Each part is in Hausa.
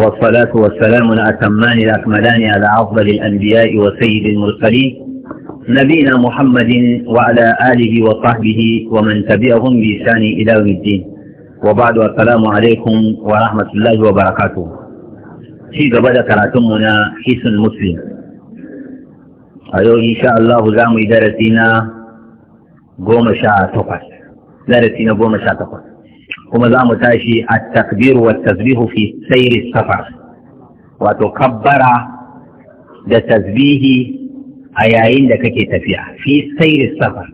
والصلاة والسلام الأتمان الأكملان على أفضل الأنبياء وسيد المرسلين نبينا محمد وعلى آله وصحبه ومن تبعهم بإحسان إلى يوم الدين وبعد السلام عليكم ورحمة الله وبركاته في قبل كراتمنا حسن مسلم أيوه إن شاء الله زام درسنا قوم شاء تقص درسنا قوم شاء تقص kuma za mu tashi a takbiru wa tasbihu fi sairi safar wato kabbara da tasbihi a yayin da kake tafiya fi sairi safar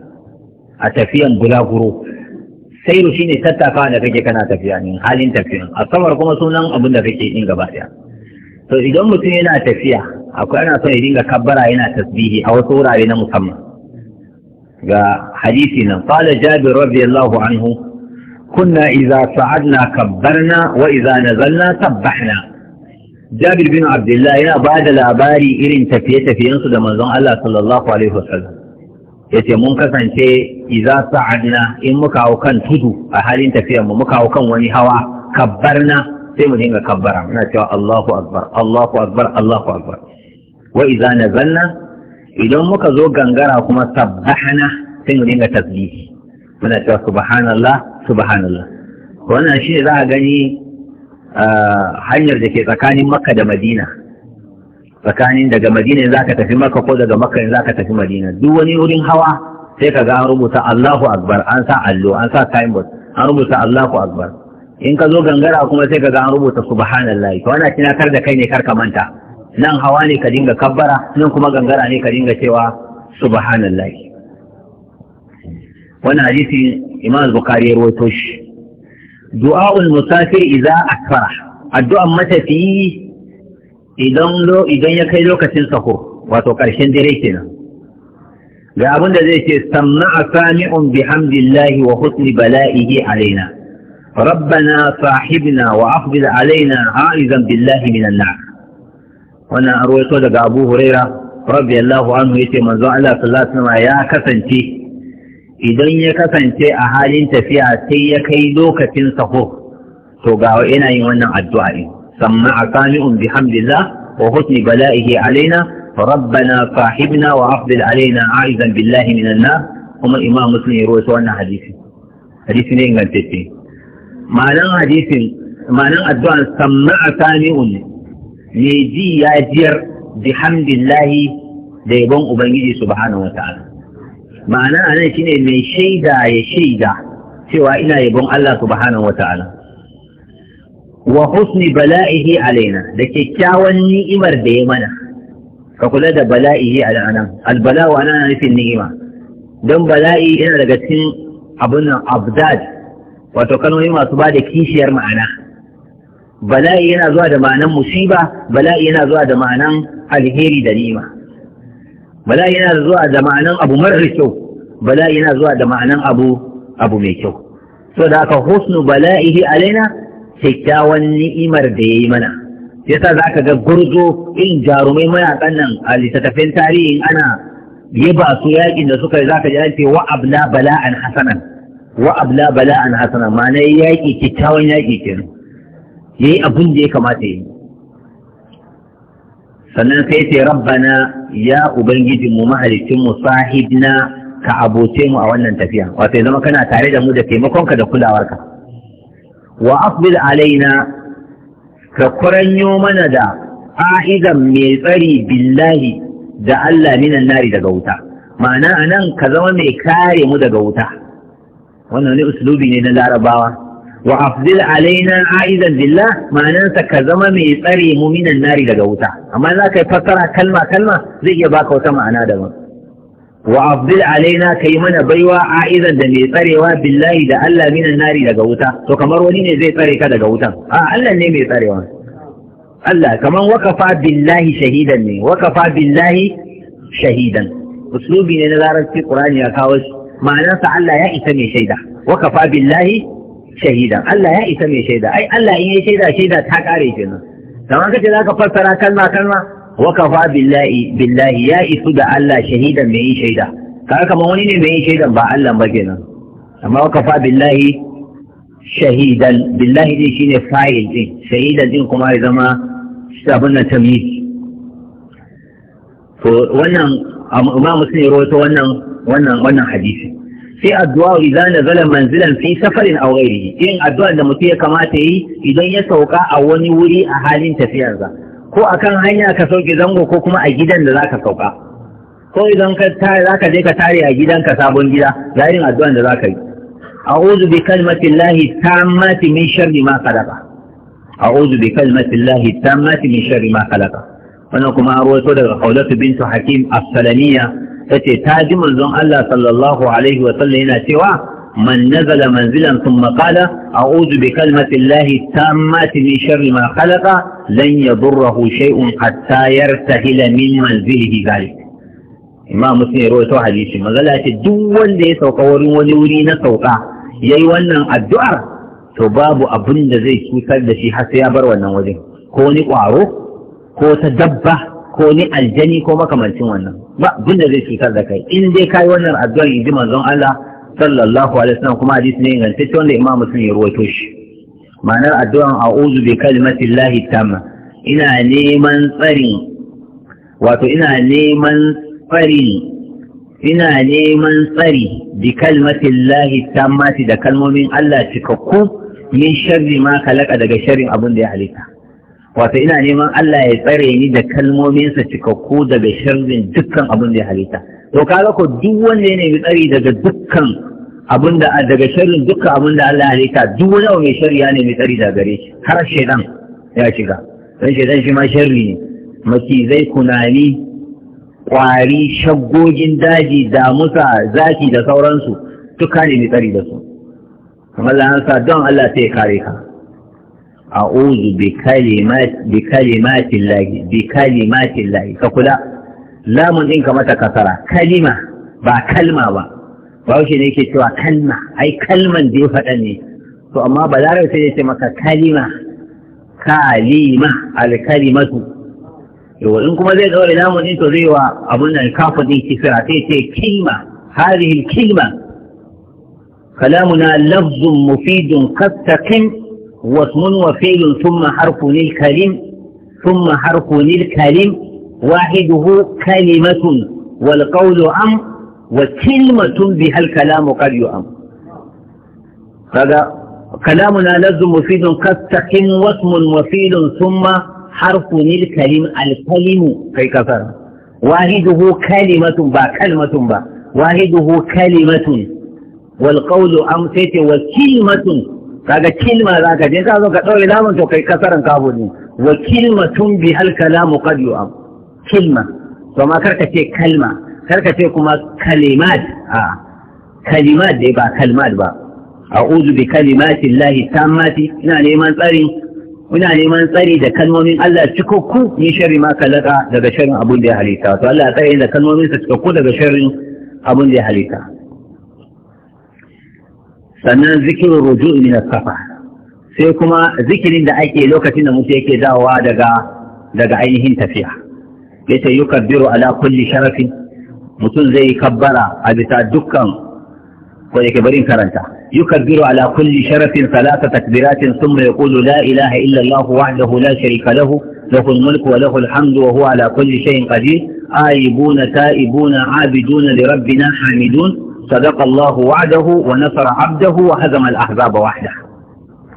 a tafiyan bulaguro sairu shine tattafa da kake kana tafiya ne halin tafiya a safar kuma sunan abin da kake yin gaba daya to idan mutum yana tafiya akwai ana son ya dinga kabbara yana tasbihi a wasu wurare na musamman ga hadisi nan qala jabir radiyallahu anhu kunna idza sa'adna kabbarna wa idza nazalna sabbahna Jabir bin Abdullah yana ba da labari irin tafiye-tafiyensu da manzon Allah sallallahu Alaihi wasallam. Ya ce, Mun kasance iza sa'adna in muka hau kan tudu a halin tafiya, tafiyanmu muka hau kan wani hawa, kabbarna sai mu dinga kabbara. Muna cewa Allahu Akbar, Allahu Akbar, Allahu Akbar. Wa iza nazalna idan muka zo gangara kuma sabbahana sai mu dinga tasbihi. Muna cewa Subhanallah, subhanallah wannan shi ne za a gani hanyar da ke tsakanin makka da madina tsakanin daga madina za ka tafi makka ko daga makka za ka tafi madina duk wani wurin hawa sai ka ga an rubuta allahu akbar an sa allo an sa timebot an rubuta allahu akbar in ka zo gangara kuma sai ka ga an rubuta subhanallah to ana tunatar da kai ne kar ka manta nan hawa ne ka dinga kabbara nan kuma gangara ne ka dinga cewa subhanallah Wani hadisi imam al ya rawaito shi du'a'ul musafir idza asfara addu'an matafiyi idan lo idan ya kai lokacin sako. wato karshen dare kenan ga abin da zai ce samma'a sami'un bihamdillahi wa husni bala'ihi alaina ربنا صاحبنا وأقبل علينا عائزا بالله من النار وانا أرويته لك أبو هريرة رضي الله عنه يتي من زعل صلاة ما يا كسنتي idan ya kasance a halin tafiya sai ya kai lokacin sahur to ga ina yin wannan addu'a din sami'un bi hamdillah. wa husni bala'ihi alaina rabbana sahibna wa afdil alaina a'izan billahi minan kuma imam muslim ya rawaito wannan hadisi hadisi ne ingantacce ma'anan hadisin ma'anan addu'an samma asami'un ne ji ya jiyar bihamdillahi da yabon ubangiji subhanahu wa ma'ana a nan shine mai shaida ya shaida cewa ina yabon Allah subhanahu wata'ala wa husni bala'ihi alaina da kyakkyawan ni'imar da ya mana ka kula da bala'ihi alaina albala'u ana nufin ni'ima don bala'i yana daga cikin abun nan abdad wato kalmomi masu ba da kishiyar ma'ana bala'i yana zuwa da ma'anan musiba bala'i yana zuwa da ma'anan alheri da nima bala'i yana zuwa da ma'anan abu marar kyau bala'i yana zuwa da ma'anan abu abu mai kyau da haka husnu bala'ihi alaina kyakkyawan ni'imar da yayi mana yasa za ka ga gurzo in jarumai mayakan nan a littattafin tarihin ana yaba su yakin da suka yi za ka ji an ce wa abla bala'an hasanan wa abla bala'an hasanan ma'ana yaki kyakkyawan yaƙi kenan yayi abin da ya kamata yi sannan sai ce rabbana ya ubangiji mu mahaliccin mu sahibna ka aboce mu a wannan tafiya wato zama kana tare da mu da taimakonka da kulawarka wa asbil alaina ka kuranyo mana da a'idan mai tsari billahi da Allah minan nari daga wuta ma'ana anan ka zama mai kare mu daga wuta wannan ne uslubi ne na larabawa wa afzil alaina aizan billah ma'anansa ka zama mai tsare mu minan nari daga wuta amma za ka fassara kalma kalma zai iya baka wata ma'ana daban wa afzil alaina ka yi mana baiwa aizan da mai tsarewa billahi da Allah minan nari daga wuta to kamar wani ne zai tsare ka daga wutan a Allah ne mai tsarewa Allah kamar wakafa billahi shahidan ne wakafa billahi shahidan uslubi ne na zarar larabci Qur'ani ya kawo shi ma'anarsa Allah ya isa mai shaida wakafa billahi Shahida Allah ya isa mai shaida ai Allah in yi shaida shaida ta kare kenan kamar kace zaka fassara kalma kalma wa kafa billahi billahi ya isu da Allah shahidan mai shaida kaga kamar wani ne mai shaida ba Allah ba kenan amma wa kafa billahi shahidan billahi din shine fa'il din shahidan din kuma ya zama abin nan tamyiz to wannan amma muslim rawaito wannan wannan wannan hadisi sai addu'a idan nazala manzilan fi safarin aw ghairihi irin addu'a da mutum ya kamata yi idan ya sauka a wani wuri a halin tafiyar tafiyarsa ko akan hanya ka sauke zango ko kuma a gidan da zaka sauka ko idan ka tare zaka je ka tare a gidan ka sabon gida yayin addu'a da zaka yi a'udhu bi kalmati llahi tammati min sharri ma khalaqa a'udhu bi kalmati tammati min sharri ma khalaqa wannan kuma an rawaito daga qaulatu bintu Hakim as-Salamiyya ce ta ji manzon Allah sallallahu alaihi wa sallam yana cewa man nazala manzilan thumma qala a'udhu bi kalmati llahi tammati min sharri ma khalaqa lan yadurruhu shay'un hatta yartahila min manzilihi zalik imam muslim ya rawaito hadisi manzala ce duk wanda ya sauka wurin wani wuri na sauka yayi wannan addu'ar to babu abin da zai cutar da shi har sai ya bar wannan wajen ko wani kwaro ko ta dabba ko ni aljani ko makamancin wannan ba abin da zai cutar da kai in dai kai wannan addu'ar yi ji manzon Allah sallallahu alaihi wasallam kuma hadisi ne ingantacce da imamu sun ya ruwaito shi ma'anar addu'an a'udhu bi kalimatillahi tamma ina neman tsarin wato ina neman tsari ina neman tsari bi kalmatillahi tamma da kalmomin Allah cikakku min sharri ma kalaka daga sharrin abin da ya halitta wato ina neman Allah ya tsare ni da kalmominsa cikakku daga sharrin dukkan abin da ya halitta to kaga ko duk wanda ya nemi tsari daga dukkan abin da daga sharrin dukkan abin da Allah ya halitta duk wani mai sharri ya mai tsari daga gare shi har shedan ya shiga dan shedan shi ma sharri ne zai kunani kwari shaggogin daji damusa zaki da sauransu duka mai tsari da su kamar Allah don Allah sai ya kare ka a'udhu bi kalimat bi kalimatillahi, bi kalimatillahi ka kula lamun din ka mata kasara kalima ba kalma ba bahaushe ne yake cewa kalma ai kalman da ya faɗa ne to amma balarabe sai ya ce maka kalima kalima alkalimatu yawa in kuma zai ɗaure namun ɗin to zai wa abun nan kafa ɗin kisira sai ce kilma hadihi kilma kalamuna lafzun mufidun kattakin واسم وفيل ثم حرف للكلم ثم حرف للكلم واحده كلمة والقول أم وكلمة بها الكلام قد يؤم هذا كلامنا لفظ مفيد كالتقم واسم وفيل ثم حرف للكلم الكلم كي كفر واحده كلمة با كلمة با واحده كلمة والقول أم سيت وكلمة kaga kilma za ka je ka zo ka ɗaure lamun to kai kasaran kabo ne wa kilma tun bi hal kalamu qad yu'am kilma to ma karka ce kalma karka ce kuma kalimat a kalimat dai ba kalmat ba a'udhu bi kalimati llahi tammati ina neman tsari ina neman tsari da kalmomin Allah cikakku ni sharri ma kalaka daga sharrin abun da ya halitta to Allah ya tsare da kalmomin sa cikakku daga sharrin abun da ya halitta sannan zikirin ruju'i na safa sai kuma zikirin da ake lokacin da mutum yake dawowa daga daga ainihin tafiya yace yukabbiru ala kulli sharafin mutum zai kabbara a bisa dukkan ko yake barin karanta yukabbiru ala kulli sharafin salata takbiratin thumma yaqulu la ilaha illa allah wahdahu la sharika lahu له الملك وله الحمد وهو على كل شيء قدير آيبون تائبون عابدون لربنا حامدون صدق الله وعده ونصر عبده وهزم الأحزاب وحده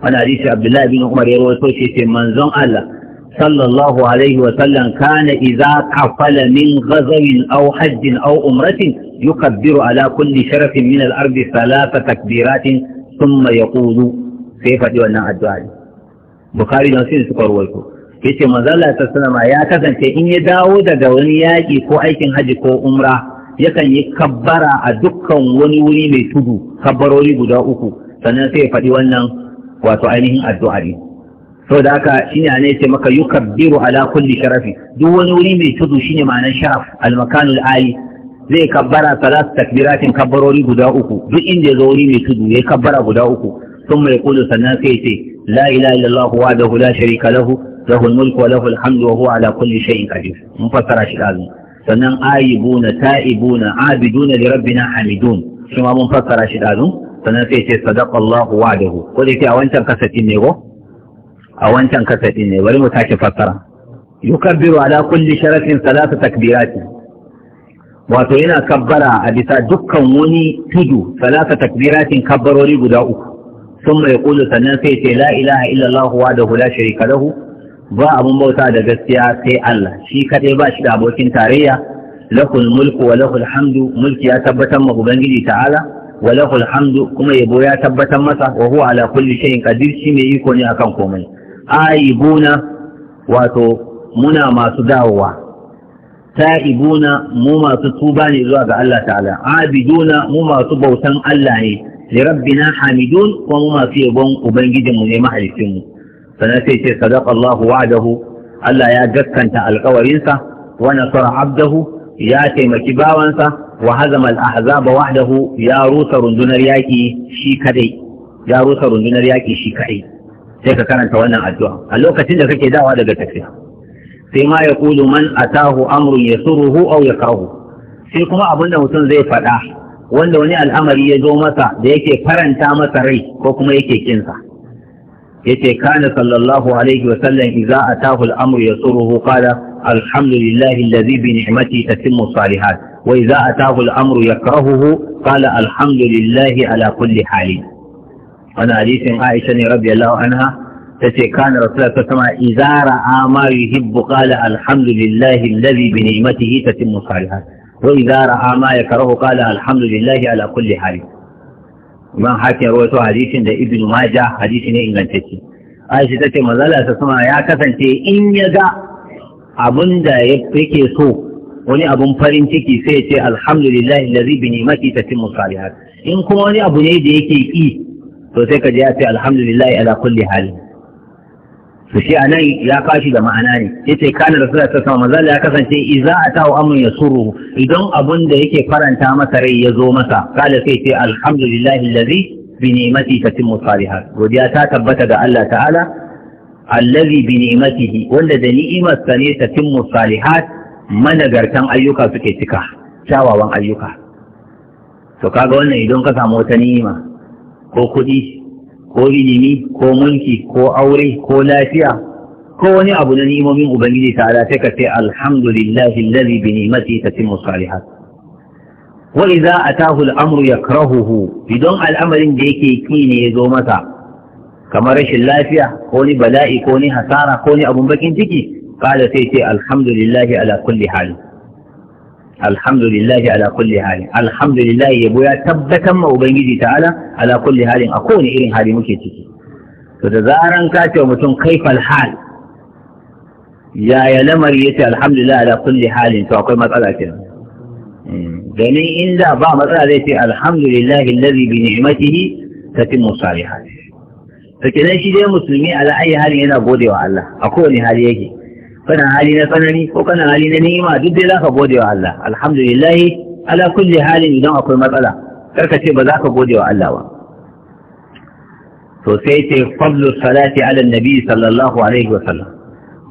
أنا حديث عبد الله بن عمر يروي توشي من زن الله صلى الله عليه وسلم كان إذا قفل من غزو أو حج أو أمرة يكبر على كل شرف من الأرض ثلاث تكبيرات ثم يقول كيف تولنا الدعاء بخاري نسير سكر ويكو yace manzo Allah sallallahu alaihi wasallam ya kasance in ya dawo daga wani yaki ko aikin haji ko umra yakan yi kabbara a dukkan wani wuri mai tudu kabbarori guda uku sannan sai ya faɗi wannan wato ainihin addu'a ne da haka shine ne sai maka yukabbiru ala kulli sharafi duk wani wuri mai tudu shine ma'anar sharaf Almakanul ali zai kabbara salat takbiratin kabbarori guda uku duk inda ya zo wuri mai tudu yayi kabbara guda uku sai, يقول سنان سيتي لا إله إلا الله وحده لا شريك له له الملك وله الحمد وهو على كل شيء Mun fassara shi لازم sannan A'ibuna, ta'ibuna abiduna li rabbina hamidun shi ma mun fassara shi dazu sannan sai ce sadaqallahu wa'dahu ko da yake a wancan kasatin ne ko a wancan kasatin ne bari mu sake fassara yukabbiru ala kulli sharafin salasa takbirati wato yana kabbara a bisa dukkan wani tudu salasa takbiratin kabbarori guda uku ثم يقول سنن سيتي لا إله إلا الله وحده لا شريك له ba abun bauta da gaskiya sai Allah shi kaɗai ba shi da abokin tarayya lahul mulku wa lahul hamdu mulki ya tabbatar ma ubangiji ta'ala wa lahul hamdu kuma yabo ya tabbatar masa wa huwa ala kulli shay'in qadir shi mai iko ne akan komai aibuna wato muna masu dawowa ta'ibuna mu masu tuba ne zuwa ga Allah ta'ala abiduna mu masu bautan Allah ne li rabbina hamidun kuma mu masu yabon ubangijinmu ne mahaifinmu. sannan sai ce sadaqa Allahu wa'adahu Allah ya gaskanta alƙawarinsa wa nasara abdahu ya taimaki bawansa wa hazama al-ahzaba wahdahu ya rusa rundunar yaki shi kadai ya rusa rundunar yaki shi kadai sai ka karanta wannan addu'a a lokacin da kake dawa daga tafiya sai ma ya kulu man atahu amrun yasuruhu aw yakrahu sai kuma abinda mutum zai faɗa wanda wani al'amari ya zo masa da yake faranta masa rai ko kuma yake kinsa yace kana sallallahu alaihi wa sallam idza atahu al-amru yasuruhu qala alhamdulillahi alladhi bi ni'mati tatimmu salihat wa idza atahu al-amru yakrahuhu qala alhamdulillahi ala kulli hali wannan hadisin Aisha ne radiyallahu anha tace kana rasulullahi sallallahu alaihi wa sallam idza ra'a ma yuhibbu qala alhamdulillahi alladhi bi ni'matihi tatimmu salihat wa idza ra'a ma yakrahu qala alhamdulillahi ala kulli hali imam hakim rawaito hadisin da Ibn majah hadisi ne ingantacce aisha ta ce mazala ta sama ya kasance in ya ga abin da yake so wani abun farin ciki sai ya ce alhamdulillah allazi bi ni'mati tatimmu salihat in kuma wani abu ne da yake ki to sai ka ji ya ce alhamdulillah ala kulli hal su shi a nan ya kashi da ma'ana ne ya ce kana da sura ta sama ya kasance iza a tawo amun ya suru idan abun da yake faranta masa rai ya zo masa kala sai ce alhamdulillahi lazi bi ni'mati tatimmu salihat godiya ta tabbata ga Allah ta'ala allazi bi ni'matihi wanda da ni'imar sa ne tatimmu salihat managartan ayyuka suke cika kyawawan ayyuka to kaga wannan idan ka samu wata ni'ima ko kuɗi ko ilimi ko mulki ko aure ko lafiya ko wani abu na ni'imomin ubangiji ta ala sai ka ce alhamdulillahi allazi bi ni'mati tatimmu salihat wa idza atahu al-amru yakrahuhu idan al'amarin da yake ki ne ya zo masa kamar rashin lafiya ko ni bala'i ko ni hasara ko ni abun bakin ciki kada sai ce alhamdulillahi ala kulli hali alhamdulillahi ala kulli halin alhamdulillahi yabo ya tabbatar ma ubangiji ta'ala ala kulli halin a kowane irin hali muke ciki to da zaran ka ce mutum kaifal hal yaya lamari yace alhamdulillah ala kulli halin to akwai matsala kenan hmm. domin inda ba matsala zai ce alhamdulillah allazi bi ni'matihi tatimmu salihat to kenan shi dai musulmi ala ayi halin yana godewa Allah a kowane hali yake kana hali na tsanani ko kana hali na ni'ima duk dai zaka gode wa Allah alhamdulillah ala kulli halin idan akwai matsala karka ce ba za ka gode wa Allah ba to sai ce fadlu salati ala nabi sallallahu alaihi wa sallam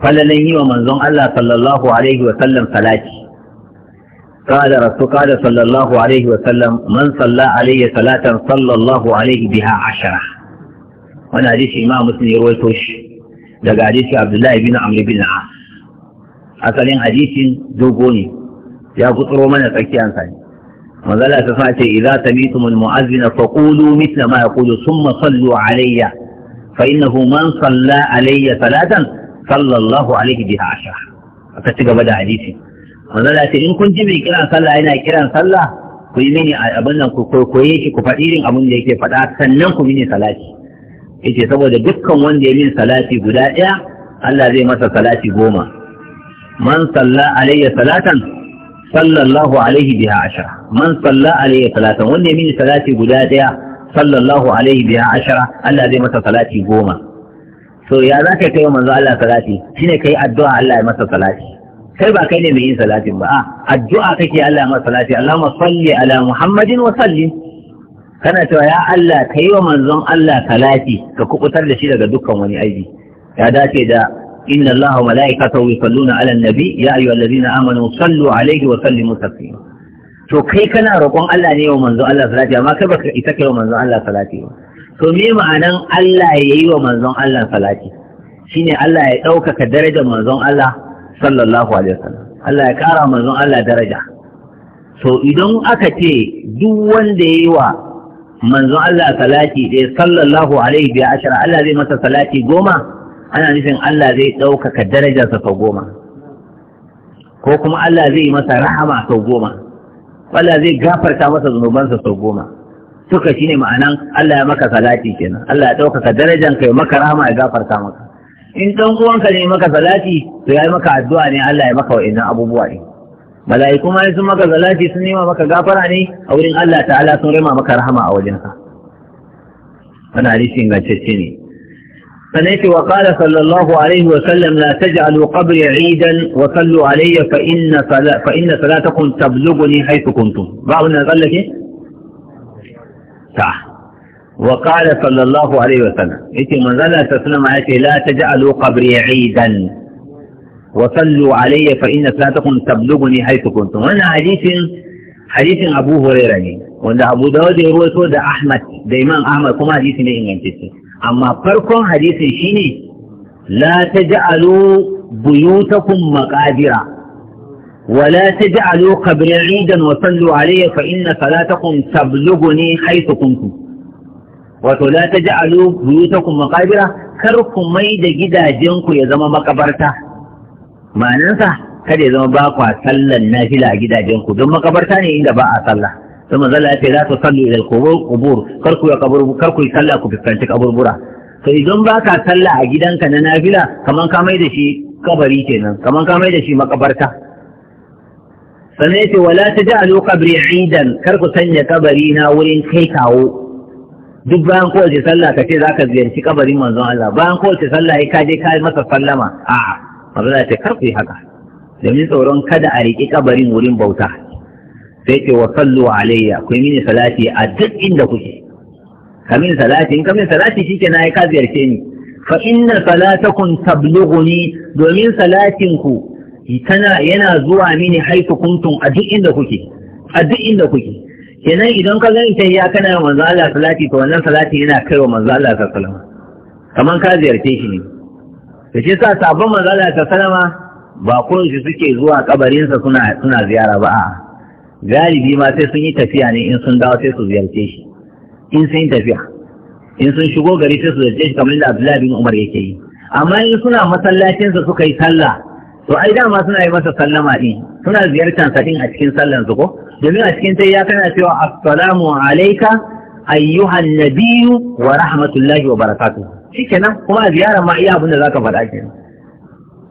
falalan yi wa manzon Allah sallallahu alaihi wa sallam salati قال رسول قال صلى الله عليه وسلم من صلى عليه صلاة صلى الله عليه بها عشرة وانا حديث إمام مسلم يروي توش ده حديث عبد الله بن عمرو بن العاص asalin hadisin dogo ne ya gutsuro mana tsakiyar sa ne manzala ta sa ce idza sami'tumul mu'azzina faqulu mithla ma yaqulu thumma sallu alayya fa innahu man salla alayya salatan sallallahu alaihi biha ashra aka ci gaba da hadisi manzala ce in kun ji mai kiran sallah yana kiran sallah ku yi mini abin nan ku koye shi ku faɗi irin abin da yake faɗa sannan ku mini salati yace saboda dukkan wanda ya min salati guda ɗaya Allah zai masa salati goma man salla alayya salatan sallallahu alaihi biha ashara man salla alayya salatan wanda ya mini salati guda daya sallallahu alaihi biha ashara Allah zai masa salati goma so ya za ka kai wa manzo Allah salati shine kai addu'a Allah ya masa salati kai ba kai ne mai yin salatin ba a addu'a kake Allah masa salati Allahumma salli ala Muhammadin wa salli. kana cewa ya Allah ka yi wa manzon Allah salati ka kubutar da shi daga dukkan wani aiki ya dace da إن الله وملائكته يصلون على النبي يا أيها الذين آمنوا صلوا عليه وسلموا تسليما to kai kana roƙon Allah ne wa manzon Allah salati amma kai baka ita kai wa manzon Allah salati ba to me ma'anan Allah ya yi wa manzon Allah salati shine Allah ya ɗaukaka darajar manzon Allah sallallahu alaihi wasallam Allah ya ƙara manzon Allah daraja so idan aka ce duk wanda ya yi wa manzon Allah salati ɗaya sallallahu alaihi wa sallam Allah zai masa salati goma ana nufin Allah zai ɗaukaka darajarsa sau goma ko kuma Allah zai yi masa rahama sau goma Allah zai gafarta masa zunubansa sau goma suka shine ma'anan Allah ya maka salati kenan Allah ya ɗaukaka darajanka ya maka rahama ya gafarta maka in ɗan uwanka ne maka salati to ya yi maka addu'a ne Allah ya maka wa'annan abubuwa ne mala'iku ma sun maka salati sun nema maka gafara ne a wurin Allah ta'ala sun rima maka rahama a wajensa wannan hadisi ingantacce ne فنيت وقال صلى الله عليه وسلم لا تجعلوا قبري عيدا وصلوا علي فإن, فإن صلاتكم تبلغني حيث كنتم بعض الناس قال لك إيه؟ صح وقال صلى الله عليه وسلم إتي من ذلك تسلم عليك لا تجعلوا قبري عيدا وصلوا علي فإن صلاتكم تبلغني حيث كنتم وانا حديث حديث أبو هريرة وأن أبو داود يروي ده أحمد ده إمام أحمد كما حديث لإنجان amma farkon hadisin shine la ta taj'alu buyutakum maqabira wa la taj'alu qabri 'idan wa sallu alayya fa inna salatakum tablughuni haythu kuntum wato la ta taj'alu buyutakum maqabira kar ku mai da gidajenku ya zama makabarta ma'anansa kada ya zama ba kwa sallan nafila a gidajenku don makabarta ne inda ba a sallah ثم ظل Allah ya ce إلى القبور ila يا قبور kar ku أكو kabur kar ku فإذن ku fuskanci kaburbura كان idan baka sallah a gidanka na كمان kaman ka mai da shi kabari kenan kaman ka mai da قبرينا ولين sannan wala duk bayan kowace sallah ka ce za ka ziyarci kabarin manzon Allah bayan kowace sallah ya kaje ka masa sallama a'a manzon Allah ce kar ku yi haka domin tsoron kada a riƙi kabarin wurin bauta sai ce wa sallu alayya ku yi mini salati a duk inda kuke kamin salati in kamin salati shi na ya ka ziyarce ni fa inna salatakum tablughuni domin salatin ku tana yana zuwa mini haifu kuntum a duk inda kuke a duk inda kuke kenan idan ka gani ta ya kana manzo Allah salati to wannan salati yana kaiwa manzo Allah sallallahu alaihi wasallam kaman ka ziyarce shi ne da shi sa sabon manzo Allah sallallahu alaihi wasallam ba shi suke zuwa kabarinsa suna suna ziyara ba a'a galibi ma sai sun yi tafiya ne in sun dawo sai su ziyarce shi in sun yi tafiya in sun shigo gari sai su ziyarce shi kamar da Abdullahi bin Umar yake yi amma in suna masallacinsa suka yi sallah to ai dama suna yi masa sallama din suna ziyartar sa din a cikin sallan su ko domin a cikin sai ya kana cewa assalamu alayka ayyuhan nabiyyu wa rahmatullahi wa barakatuh shikenan kuma a ziyarar ma iya abin da zaka faɗa kenan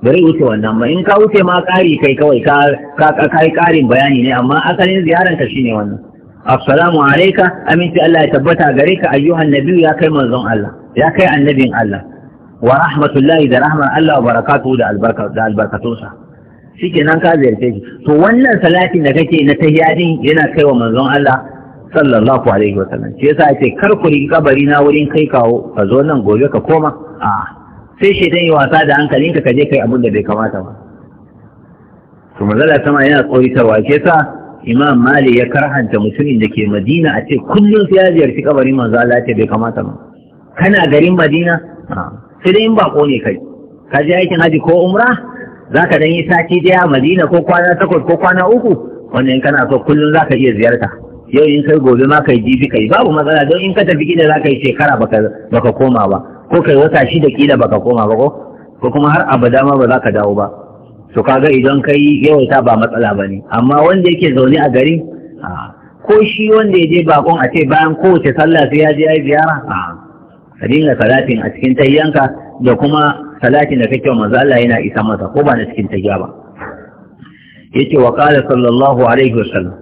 bari wuce wannan ba in ka wuce ma ƙari kai kawai ka kai ƙarin bayani ne amma asalin ziyarar ka shine wannan assalamu alayka aminci Allah ya tabbata gare ka ayyuhan nabi ya kai manzon Allah ya kai annabin Allah wa rahmatullahi da rahmar Allah wa barakatuhu da albarka da albarkatunsa shikenan ka ziyarce shi to wannan salatin da kake na tahiyadin yana kai wa manzon Allah sallallahu alaihi wa sallam shi yasa ake kar ku kabari na wurin kai kawo ka zo nan gobe ka koma a'a sai shaitan yi wasa da hankalinka ka je kai abin da bai kamata ba to mazala sama yana tsoritarwa ke sa imam mali ya karhanta mutumin da ke madina a ce kullum sai ya ziyarci kabarin manzo Allah ce bai kamata ba kana garin madina sai dai in bako ne kai ka je aikin haji ko umra zaka dan yi sati daya madina ko kwana takwas ko kwana uku wannan in kana so kullum zaka iya ziyarta yau in kai gobe ma kai jibi kai babu matsala don in ka tafi gida zaka yi shekara baka koma ba ko kai wata shida kila baka koma ba ko ko kuma har abada ma ba za ka dawo ba to kaga idan kai yawaita ba matsala ba ne amma wanda yake zaune a gari ko shi wanda ya je bakon a ce bayan kowace sallah sai ya je ya yi ziyara ka dinga salatin a cikin tayyanka da kuma salatin da kake manzo Allah yana isa masa ko ba na cikin tayya ba yake wa qala sallallahu alaihi wasallam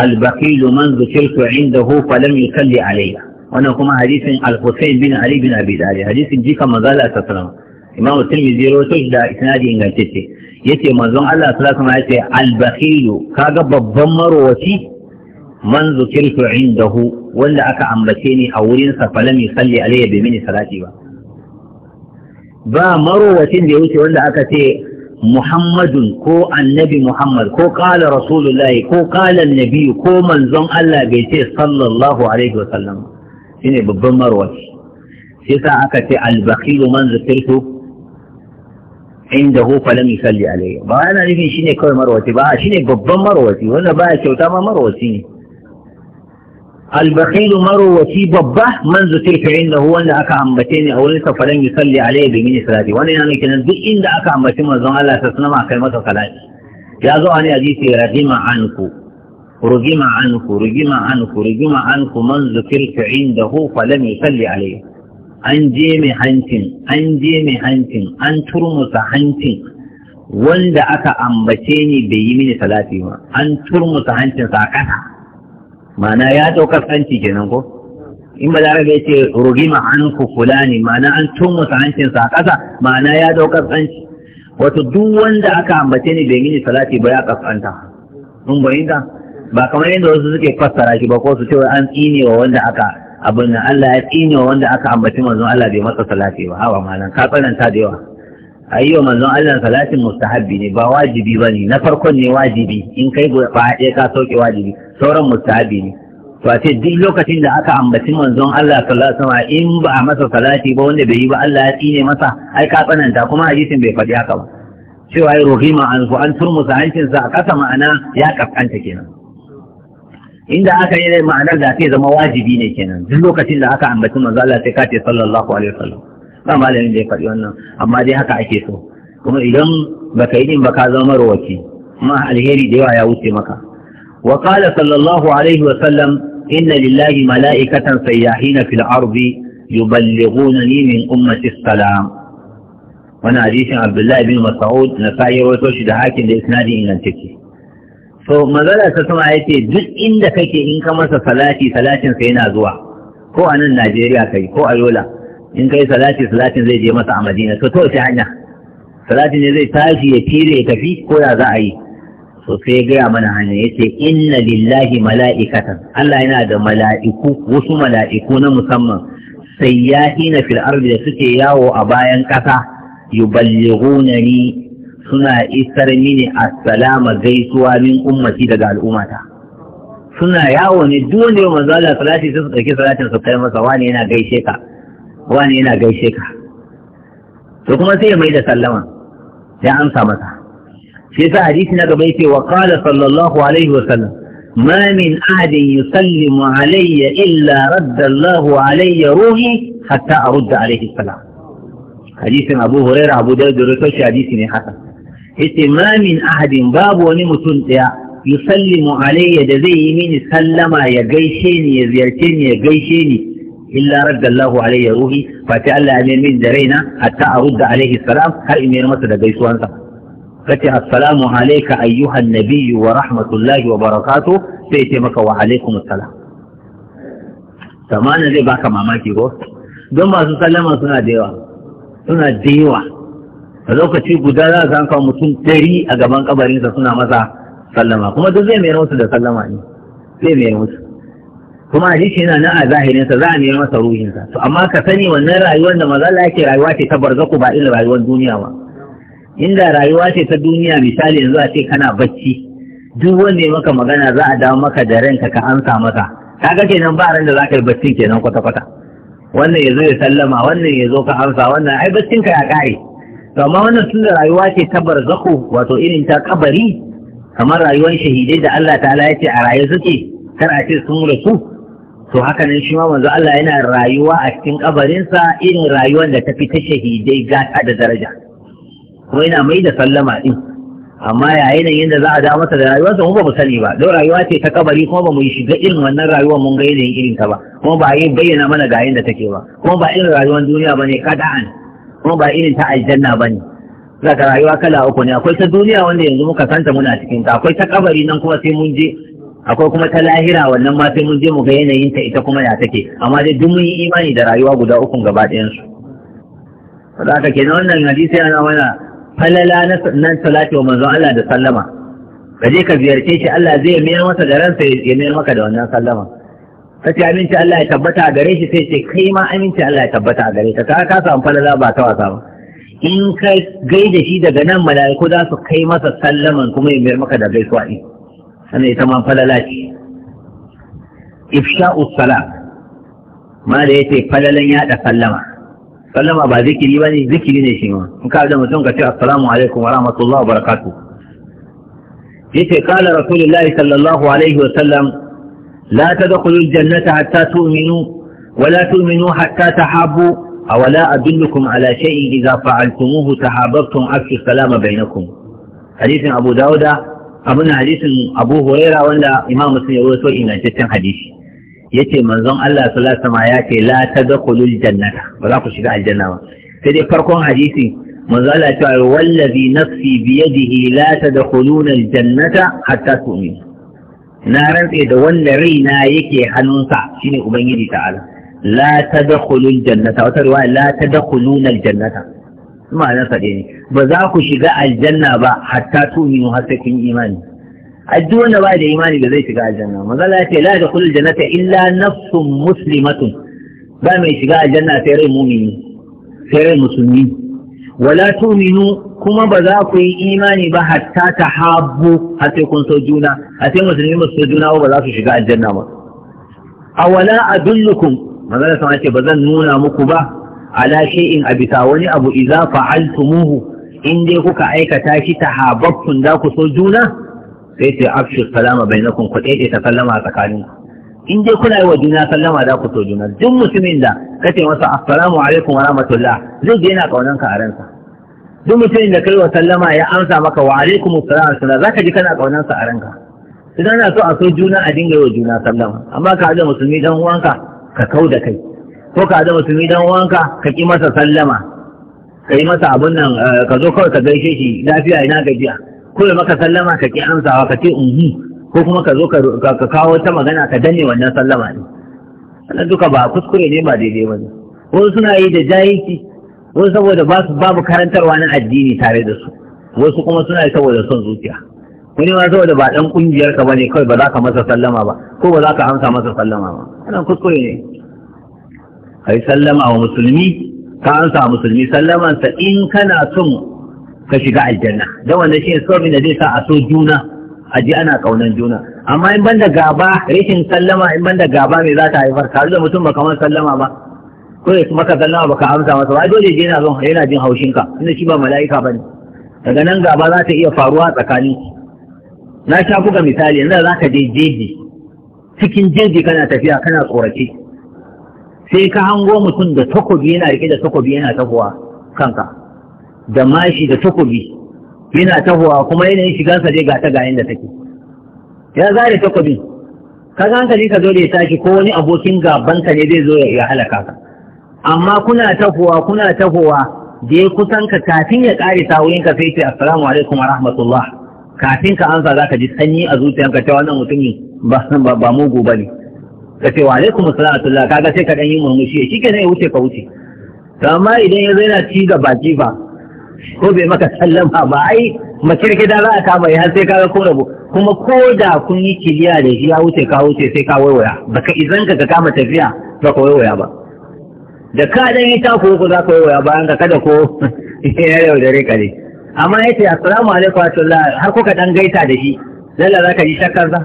al-baqil man dhukirtu indahu falam yusalli alayya wannan kuma hadisin al-Husayn bin Ali bin Abi Talib hadisin jika manzon Allah sallallahu alaihi wasallam Imam Tirmidhi rawaito da isnadi ingantacce yace manzon Allah sallallahu alaihi yace al-bakhil kaga babban marwaci man zukirtu indahu wanda aka ambace ni a wurin sa falam yusalli alayya bi mini salati ba ba marwacin da ya wuce wanda aka ce Muhammadun ko annabi Muhammad ko kala Rasulullahi ko kala Nabi ko manzon Allah bai ce sallallahu alaihi wa sallam. shine babban marwaci sai sa aka ce al-bakhilu man zikirtu indahu falam yusalli alayya ba yana nufin shine kawai marwaci ba shine babban marwaci wanda baya kyauta ma marwaci ne al marwaci babba man zikirtu indahu wanda aka ambace ne a wurin sa falam yusalli alayya bi min salati wannan yana nufin duk inda aka ambaci manzon Allah ta sunama kai masa salati ya zo ne hadisi radima anku رجم عنك رجم عنك رجم عنك من ذكرت عنده فلم يصلي عليه an je mai hancin an je hancin an turmusa hancin wanda aka ambace ni bai yi mini salati ba an ma'ana ya kenan ko in ba zara ce rugima an kukula ma'ana an turmusa hancin sa kasa ma'ana ya ɗaukar hanci wato duk wanda aka ambace ni bai mini salati ba ya kasanta bayyana ba kamar yadda wasu suke fassara shi ba ko su cewa an tsine wa wanda aka abin nan Allah ya tsine wa wanda aka ambaci manzon Allah bai masa salati ba hawa malan ka tsananta da yawa ayyo manzon Allah salatin mustahabbi ne ba wajibi ba ne na farkon ne wajibi in kai ba ɗaya ka sauke wajibi sauran mustahabbi ne to a ce duk lokacin da aka ambaci manzon Allah sallallahu alaihi wasallam in ba a masa salati ba wanda bai yi ba Allah ya tsine masa ai ka tsananta kuma hadisin bai faɗi haka ba cewa ya rohima an an turmusa hancinsa a ƙasa ma'ana ya kaskanta kenan inda aka yi dai ma'anar da sai zama wajibi ne kenan duk lokacin da aka ambaci manzo Allah sai ka ce sallallahu alaihi wasallam ba malamin da ya faɗi wannan amma dai haka ake so kuma idan baka yi din ba ka zama marwaci ma alheri da yawa ya wuce maka wa qala sallallahu alaihi sallam, inna lillahi mala'ikatan sayyahina fil ardi yuballighunani min ummati salam wannan hadisin abdullahi bin Mas'ud na sayyar wato shi da hakin da isnadin ingantacce so mazala ta sama ya ce duk inda kake in ka masa salati salatin sai yana zuwa ko a nan Najeriya kai ko a Yola in kai salati salatin zai je masa a Madina to to hanya Salati ne zai tashi ya fire ya tafi ko ya za a yi so sai gaya mana hanya ya ce inna lillahi mala'ikatan Allah yana da mala'iku wasu mala'iku na musamman sai ya hina fil da suke yawo a bayan ƙasa yuballighunani suna isar mini assalama gaisuwa min ummati daga al'ummata suna yawo ne dole mu Allah salati sai su dauki salatin su kai masa wani yana gaishe ka wani yana gaishe ka to kuma sai ya mai da sallama ya amsa masa shi yasa hadisi na gaba yake wa qala sallallahu alaihi wa sallam ma min ahadin yusallimu alayya illa radda Allahu alayya ruhi hatta arudda alayhi salam hadisin Abu Hurairah Abu Dawud da Rukayshi hadisi ne haka itimamin ahadin babu wani mutum ɗaya yusallimu alayya da zai yi mini sallama ya gaishe ni ya ziyarce ni ya gaishe ni illa raddallahu alayya ruhi fa ta Allah ya min da raina hatta arudda alayhi salam har in mayar masa da gaisuwansa kace assalamu alayka ayyuhan nabiyyu wa rahmatullahi wa barakatuh sai ce maka wa alaikum assalam tamanin zai baka mamaki ko don masu sallama suna da yawa suna da yawa a lokaci guda za a san mutum dari a gaban kabarinsa suna masa sallama kuma duk zai mayar musu da sallama ne zai mayar musu kuma jishi yana nan a zahirinsa za a mayar masa ruhinsa to amma ka sani wannan rayuwar da maza la yake rayuwa ce ta barzaku ba irin rayuwar duniya ba inda rayuwa ce ta duniya misali yanzu a ce kana bacci duk wanda ya maka magana za a dawo maka da ranka ka amsa masa kaga kenan ba ran da za ka yi baccin kenan kwata-kwata wannan ya zo ya sallama wannan ya zo ka amsa wannan ai baccin ka ya kare to amma wannan sun da rayuwa ce ta barzakhu wato irin ta kabari kamar rayuwar shahidai da Allah ta ya ce a raye suke kar a ce sun rasu to haka nan shi ma manzo Allah yana rayuwa a cikin kabarinsa irin rayuwar da ta fi ta shahidai ta da daraja kuma yana mai da sallama din amma ya yanayin za a da masa da sa mun ba mu sani ba don rayuwa ce ta kabari kuma ba mu shiga irin wannan rayuwar mun ga yanayin irin ta ba kuma ba yi bayyana mana ga yanda take ba kuma ba irin rayuwar duniya ba ne kada'an kuma ba irin ta aljanna ba ne za ka rayuwa kala uku ne akwai ta duniya wanda yanzu muka santa muna cikin ta akwai ta kabari nan kuma sai mun je akwai kuma ta lahira wannan ma sai mun je mu ga yanayin ta ita kuma ya take amma dai duk mun yi imani da rayuwa guda uku gaba ɗayan su za ka kenan wannan hadisi yana mana falala na salati wa manzon Allah da sallama ka je ka ziyarce shi Allah zai mayar masa da ransa ya mayar maka da wannan sallama ta ce aminci Allah ya tabbata a gare shi sai ce kai ma aminci Allah ya tabbata a gare ka ka ka samu falala ba ta wasa ba in ka gaida shi daga nan mala'iku za su kai masa sallaman kuma ya mayar maka da gaisuwa ne. sannan ita ma falala ce ifsha'u salam ma da yace falalan yaɗa sallama sallama ba zikiri ba ne zikiri ne shi ma in ka da mutum ka ce assalamu alaikum wa rahmatullahi wa barakatuh yace kala rasulullahi sallallahu alaihi wa sallam لا تدخلوا الجنة حتى تؤمنوا ولا تؤمنوا حتى تحابوا أولا أدلكم على شيء إذا فعلتموه تحاببتم أكثر الكلام بينكم حديث أبو داود أبونا حديث أبو هريرة ولا إمام مسلم يقول سوء إن جدا حديث yace manzon Allah sallallahu alaihi ya ce la tadkhulul jannata ba za ku shiga aljanna ba sai dai farkon hadisi manzo Allah ya ce wallazi nafsi biyadihi la tadkhuluna aljannata hatta na rantse da wanda raina yake hannunsa shine ubangiji ta'ala la tadkhulul jannata wata riwaya la tadkhuluna kuma ma'anar sade ne ba za ku shiga aljanna ba hatta tu'minu har sai kun imani duk wanda ba da imani da zai shiga aljanna mazala ya ce la tadkhulul jannata illa nafsun muslimatun ba mai shiga aljanna sai rai mu'mini sai rai musulmi wala tuminu kuma ba za ku yi imani ba hatta ta habbu har sai kun so juna a sai musulmi ba so juna ba su shiga aljanna ba a wala adullukum manzala sama ce ba zan nuna muku ba ala shay'in a bisa wani abu idza fa'altumuhu in dai kuka aikata shi tahabbtum da ku so juna sai ce afshu salama bainakum ku dai ta sallama tsakanin in dai yi wa juna sallama da ku so juna duk da kace masa assalamu alaikum wa rahmatullah zai je yana kaunan a ransa duk mutumin da kai wa sallama ya amsa maka wa alaikum assalam assalam zaka ji kana kaunar sa a ranka idan ana so a so juna a dinga yi wa juna sallama amma ka ga musulmi dan uwanka ka kau da kai ko ka ga musulmi dan uwanka ka ki masa sallama ka yi masa abun nan eh, ka zo kawai ka gaishe shi lafiya ina gajiya ko ya maka sallama ka ki amsawa ka ce unhu ko kuma ka zo ka kawo ta magana ka danne wannan sallama ne wannan duka ba kuskure ne ba daidai ba ne Wani suna yi da jahilci wasu saboda ba su babu karantarwa na addini tare da su wasu kuma suna saboda son zuciya wani ma saboda ba dan kungiyar ka bane kawai ba za ka masa sallama ba ko ba za ka amsa masa sallama ba wannan kuskure ne kai sallama wa musulmi ka amsa musulmi sallaman sa in kana son ka shiga aljanna da wannan shi min da zai sa a so juna a ji ana kaunan juna amma in banda gaba rashin sallama in banda gaba me za ta haifar ka da mutum ba kamar sallama ba ko ya maka zanna ba ka amsa masa ba dole yana zon yana jin haushin ka tunda shi ba mala'ika bane daga nan gaba za ta iya faruwa tsakanin na sha kuka misali yanzu za ka je jeji cikin jeji kana tafiya kana tsorace sai ka hango mutum da takobi yana rike da takobi yana tahowa kanka da mashi da takobi yana tahowa kuma yanayin shigansa dai ga ta gayin da take ya zare takobin ka hankali ka zo da ya tashi ko wani abokin ka ne zai zo ya halaka ka amma kuna tahowa kuna tahowa da ya kusan ka kafin ya ƙare sawoyin ka sai ce assalamu alaikum wa rahmatullah kafin ka ansa za ka ji sanyi a zuciyarka ta wannan mutumin ba ba mugu ba ne ka ce wa alaikum assalam wa kaga sai ka dan yi murmushi shi ke ya wuce ka wuce amma idan ya zai na ci ga baki ba ko bai maka sallama ba ai makirkida za a kama ya sai kaga ko rabu kuma ko da kun yi kiliya da shi ya wuce ka wuce sai ka waiwaya baka izanka ka kama tafiya ba ka waiwaya ba da ka dan yi taku ku za ka yi waya bayan ka kada ko ya yau ka ne amma ya ce assalamu alaikum wa rahmatullah har kuka dan gaita da shi lalla za ka ji shakkar za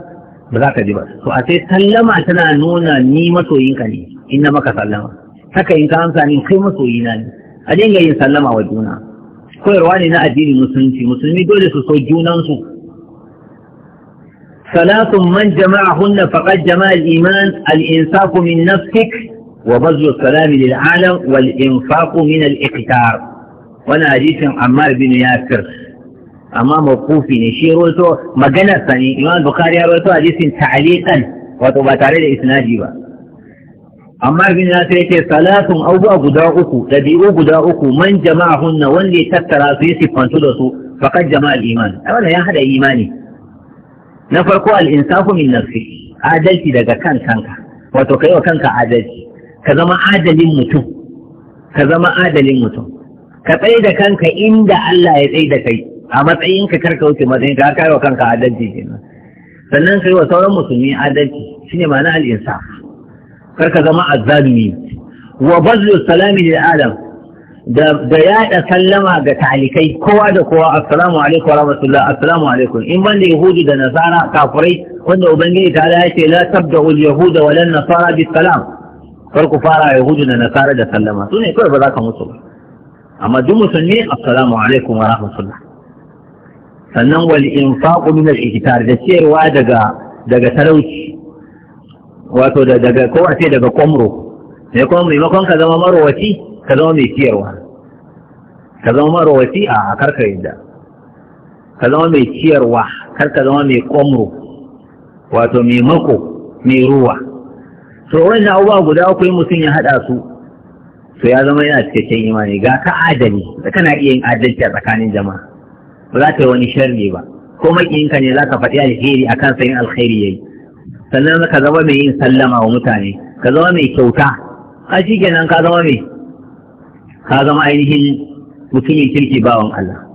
ba za ka ji ba to a sai sallama tana nuna ni masoyinka ne in na maka sallama haka in ka amsa ni kai masoyina ne a dinga yin sallama wa juna koyarwa ne na addini musulunci musulmi dole su so junansu salatun man jama'ahunna faqad jama'a al-iman al-insafu وبذل wal للعالم والإنفاق من الإقتار وانا حديث عمار بن ياسر أما موقوفي ne shi rawaito maganarsa ne Imam Bukhari ya rawaito hadisin ta'liqan wato ba tare da isnadi ba amma bin ya sai ce abubuwa guda uku dabi'u guda uku man jama'a hunna wanda ya tattara su ya siffantu da su faqad jama'a al-iman wannan ya imani na farko al-insafu min nafsi adalci daga kanka wato wa kanka adalci ka zama adalin mutum ka zama adalin mutum ka tsaye da kanka inda Allah ya tsaye da kai a matsayinka karka wuce matsayin ka kai wa kanka adalci kenan sannan kai wa sauran musulmi adalci shine ma'ana al-insaf ka zama azzalimi wa bazlu salami lil adam da yaɗa sallama ga talikai kowa da kowa assalamu alaikum wa rahmatullah assalamu alaikum in ban da yahudi da nasara kafurai wanda ubangiji ta ya ce la tabda ul yahuda wa lan nasara bis salam kar ku fara yahudu da nasara da sallama su ne kawai ba za ka mutu ba amma duk musulmi assalamu alaikum wa rahmatullah sannan wal infaqu min al ihtar da ciyarwa daga daga talauci wato daga ko a ce daga komro ne kuma maimakon ka zama marowaci ka zama mai ciyarwa ka zama marowaci a karka yadda ka zama mai ciyarwa kar ka zama mai komro wato mai mako mai ruwa to wannan abubuwa guda uku mutum ya haɗa su to ya zama yana cikakken imani ga ka adali da kana iya yin adalci a tsakanin jama'a ba za ka yi wani sharri ba ko makiyinka ne za ka faɗi alheri a kan sayin alheri yayi sannan ka zama mai yin sallama wa mutane ka zama mai kyauta a shi kenan ka zama mai ka zama ainihin mutumin kirki bawan Allah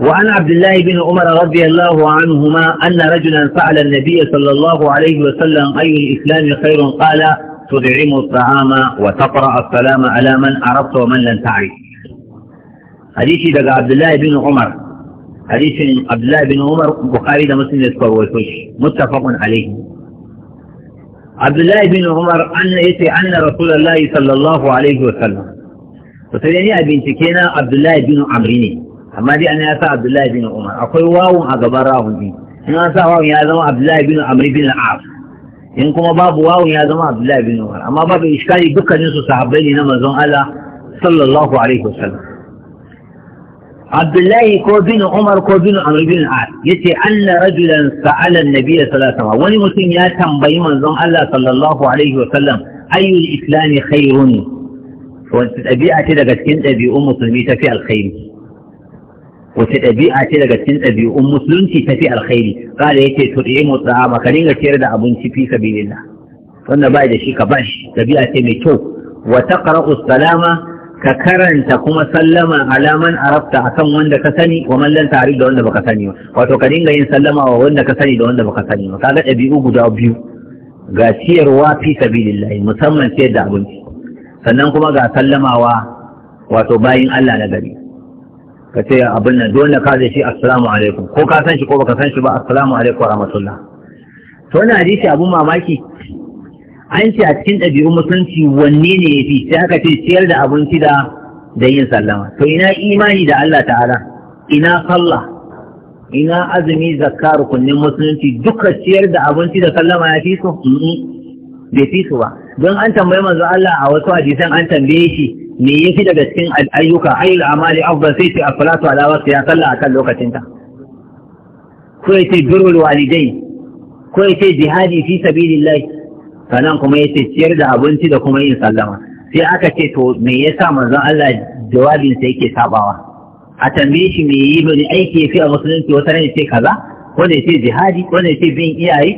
وعن عبد الله بن عمر رضي الله عنهما أن رجلا فعل النبي صلى الله عليه وسلم أي الإسلام خير قال تدعم الطعام وتقرأ السلام على من عرفت ومن لم تعرف حديث دقى عبد الله بن عمر حديث عبد الله بن عمر بخاري ده مسلم يذكر ويفش متفق عليه عبد الله بن عمر أن يتي أن رسول الله صلى الله عليه وسلم وسيدني أبنتكينا عبد الله بن عمريني amma dai an ya sa abdullahi bin umar akwai wawun a gaban rahun din in an sa wawun ya zama abdullahi bin amr bin al-as in kuma babu wawun ya zama abdullahi bin umar amma babu iskali dukkanin su sahabbai ne na manzon Allah sallallahu alaihi wasallam abdullahi ko bin umar ko bin amr bin al-as yace anna rajulan sa'ala an-nabiy sallallahu alaihi wasallam wani mutum ya tambayi manzon Allah sallallahu alaihi wasallam ayyul islami khairun wata ɗabi'a ce daga cikin ɗabi'un musulmi tafi alkhairi wace ɗabi'a ce daga cikin ɗabi'un musulunci ta fi alkhairi kada yake to ɗaya motsa ama ka dinga ciyar da abinci fi sabilillah wanda ba da shi ka bashi ɗabi'a ce mai kyau wa taqra'u salama ka karanta kuma sallama alaman arabta akan wanda ka sani wa man lan da wanda baka sani ba wato ka dinga yin sallama wa wanda ka sani da wanda baka sani ba kaga ɗabi'u guda biyu ga ciyarwa fi sabilillah musamman ciyar da abinci sannan kuma ga sallamawa wato bayin Allah na gari ka ce abin nan dole ka zai shi assalamu alaikum ko ka san shi ko baka san shi ba assalamu alaikum wa rahmatullah to wannan hadisi abun mamaki an ce a cikin ɗabi'un musulunci wanne ne yafi fi sai aka ce ciyar da abinci da da yin sallama to ina imani da Allah ta'ala ina sallah ina azumi zakka rukunin musulunci duka ciyar da abinci da sallama ya fi so bai fi su ba don an tambayi manzo Allah a wasu hadisan an tambaye shi me fi daga cikin ayyuka ayyul amali afdal sai ce as-salatu ala waqtiha a kan lokacinta ko yace birrul walidai ko yace jihadi fi sabilillah sannan kuma yace ciyar da abinci da kuma yin sallama sai aka ce to me yasa manzon Allah jawabin sa yake sabawa a tambaye shi me yi bane aiki fi a musulunci wata ne ce kaza wanda yace jihadi wanda yace bin iyaye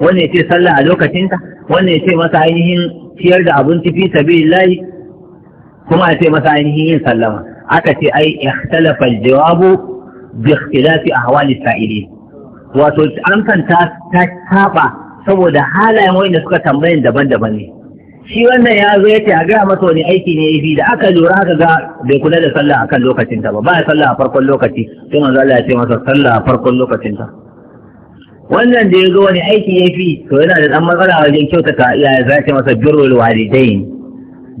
wanda yace sallah a lokacinta wanda yace masa ainihin ciyar da abinci fi sabilillah kuma a ce masa ainihin yin sallama aka ce ai ikhtalafa aljawabu bi ikhtilafi ahwali sa'ili wato an ta ta saba saboda halayen wanda suka tambayin daban-daban ne shi wannan ya zo yace a gaya masa wani aiki ne yafi da aka lura haka ga bai kula da sallah akan lokacin ta ba ba sallah a farkon lokaci sai manzo Allah ya ce masa sallah a farkon lokacin ta wannan da ya zo wani aiki yafi to yana da dan matsala wajen kyautata iyaye za ce masa birrul walidain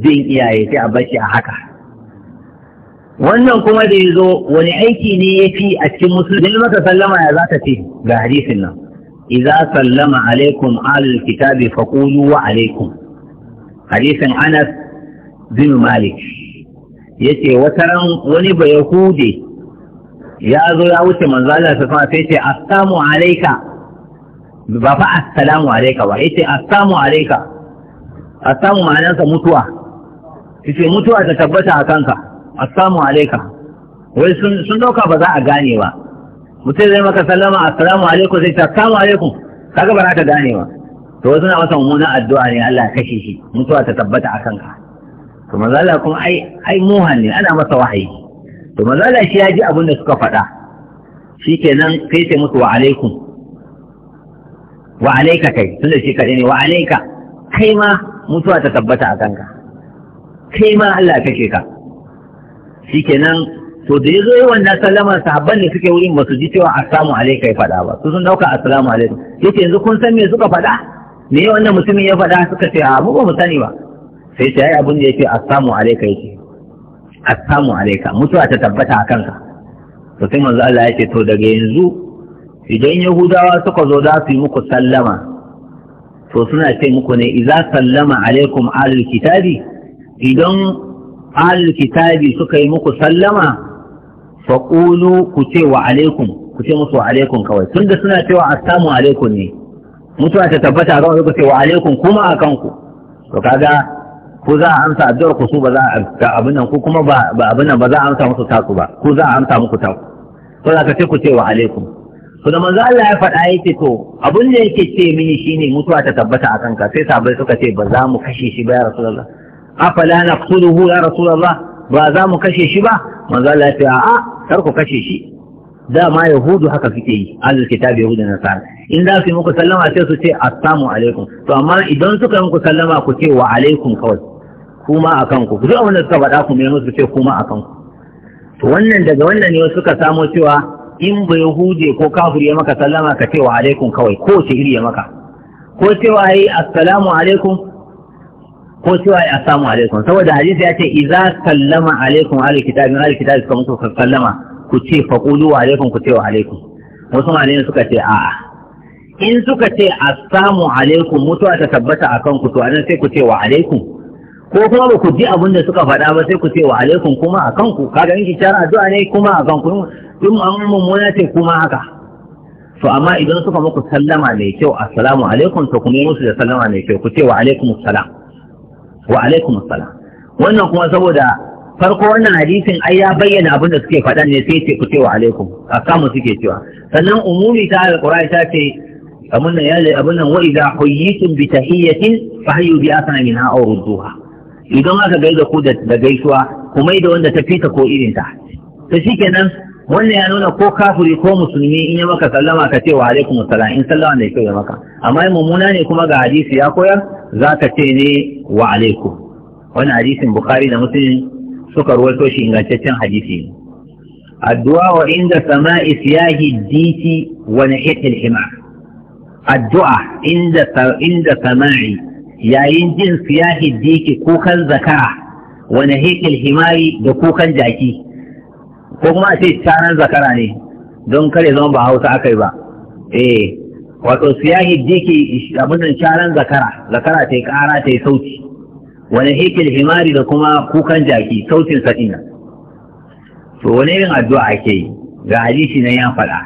bin iyaye sai a bashi a haka wannan kuma da ya zo wani aiki ne ya fi a cikin musulmi maka sallama ya za ta ce ga hadisin nan idza sallama alaikum alul kitabi faqulu wa alaikum hadisin anas bin malik yace wata ran wani ba yahude ya zo ya wuce manzo Allah sai sai ce assalamu alayka ba fa assalamu alayka ba yace assalamu alayka assalamu ma'anarsa mutuwa yace mutuwa ta tabbata a kanka a samu alaika wai sun dauka ba za a gane ba mutum zai maka sallama assalamu alaikum zai ta samu alaikum kaga ba za ta gane ba to wasu na masa mummunan addu'a ne Allah kashe shi mutuwa ta tabbata a kanka to manzo Allah kuma ai ai muhan ne ana masa wahayi to mazala shi ya ji abin da suka faɗa shikenan kai sai musu wa alaikum wa alaika kai tunda shi kaɗai ne wa alaika kai ma mutuwa ta tabbata a kanka kai ma Allah kake ka kenan to da yazo yi wannan sallama sahabban ne suke wurin ba su ji cewa assalamu alaikum ya faɗa ba su sun dauka assalamu alaikum yace yanzu kun san me suka faɗa me wannan mutumin ya faɗa suka ce a mu ba mu sani ba sai ta yi abin da yake assalamu alaikum yake assalamu alaikum mutuwa ta tabbata a kanka to sai manzo Allah yake to daga yanzu idan yahudawa suka zo za su yi muku sallama to suna ce muku ne idza sallama alaikum ahlul kitabi idan alkitabi kitabi suka yi muku sallama faƙulu ku ce wa alaikum ku ce musu wa alaikum kawai tunda suna cewa assalamu alaikum ne mutuwa ta tabbata ga wani ku ce wa alaikum kuma a kanku to kaga ku za a amsa addu'ar ku su ba za a abin nan ku kuma ba abin nan ba za a amsa musu taku ba ku za a amsa muku taku to za ka ce ku ce wa alaikum to da manzo Allah ya faɗa yake to abin da yake ce mini shine mutuwa ta tabbata a kanka sai sabai suka ce ba za mu kashe shi ba ya rasulullah la naqtuluhu ya rasulullah ba za mu kashe shi ba manzo Allah ya a a'a kar ku kashe shi Da ma yahudu haka suke yi ahlul kitab yahudu sar in za su yi muku sallama sai su ce assalamu alaikum to amma idan suka yi muku sallama ku ce wa alaikum kawai kuma a kanku ku duk wanda suka faɗa ku mai musu ce kuma a kanku to wannan daga wannan ne suka samo cewa in ba yahude ko kafir ya maka sallama ka ce wa alaikum kawai ko ce iri ya maka ko cewa yi assalamu alaikum ko cewa ya samu alaikum saboda hadisi ya ce iza sallama alaikum ahli min ahli kitabi suka mutu sallama ku ce wa alaikum ku ce wa alaikum wasu malamai suka ce a'a in suka ce assalamu alaikum mutuwa ta tabbata akan ku to anan sai ku ce wa alaikum ko kuma ba ku ji abin da suka faɗa ba sai ku ce wa alaikum kuma akan ku kaga in kishara addu'a ne kuma akan ku in an mummuna ce kuma haka to amma idan suka muku sallama mai kyau assalamu alaikum to kuma musu da sallama mai kyau ku ce wa alaikum assalam wa alaikum assalam wannan kuma saboda farko wannan hadisin ai ya bayyana abin da suke faɗan ne sai ce ku ce wa alaikum samu suke cewa sannan umumi ta alqur'ani ta ce abin nan ya abin nan wa idza huyitum bi tahiyatin fa hayyu bi asana aw rudduha idan aka gaida ku da gaisuwa kuma da wanda ta fita ko irin ta to shikenan wannan ya nuna ko kafiri ko musulmi in ya maka sallama ka ce wa alaikum assalam in sallama ne kai ya maka amma in mummuna ne kuma ga hadisi ya koyar za ka ce ne wa alaikum wannan hadisin bukhari da muslim suka ruwaito shi ingantaccen hadisi addu'a wa inda sama'i siyahi diti wa nahihil himar addu'a inda inda sama'i yayin jin siyahi diki kukan zakara wa nahihil himari da kukan jaki ko kuma a ce taron zakara ne don kare zama ba hausa aka yi ba eh wato siyahi jiki abin nan canan zakara zakara ta yi kara ta yi sauti wani hikin himari da kuma kukan jaki sautin sadina to wani yin addu'a ake yi ga hadisi nan ya faɗa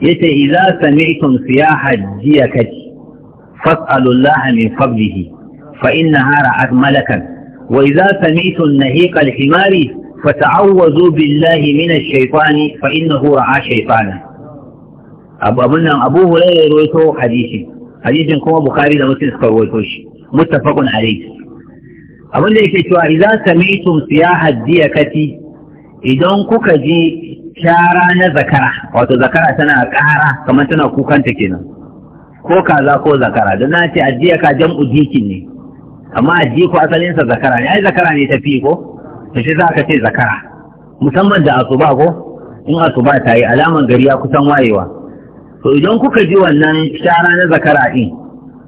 yace idza sami'tum siyaha jiyakati fas'alullaha min fadlihi fa innaha ra'at malakan wa idza sami'tum na al-himari فتعوذوا بالله من الشيطان فإنه رعى شيطانا أبونا أبو هريرة رويته حديث حديث كما بخاري لا مسلم رويته متفق عليه abin da yake cewa idan samitum siyahad diyakati idan kuka ji shara na zakara wato zakara tana kara kamar tana kukanta kenan ko kaza ko zakara don na ce ajiyaka jam'u dikin ne amma ajiku asalinsa zakara ne ai zakara ne tafi ko da shi za ka ce zakara musamman da asuba ko in asuba ta yi alaman gari ya kusan wayewa to idan kuka ji wannan shara na zakara din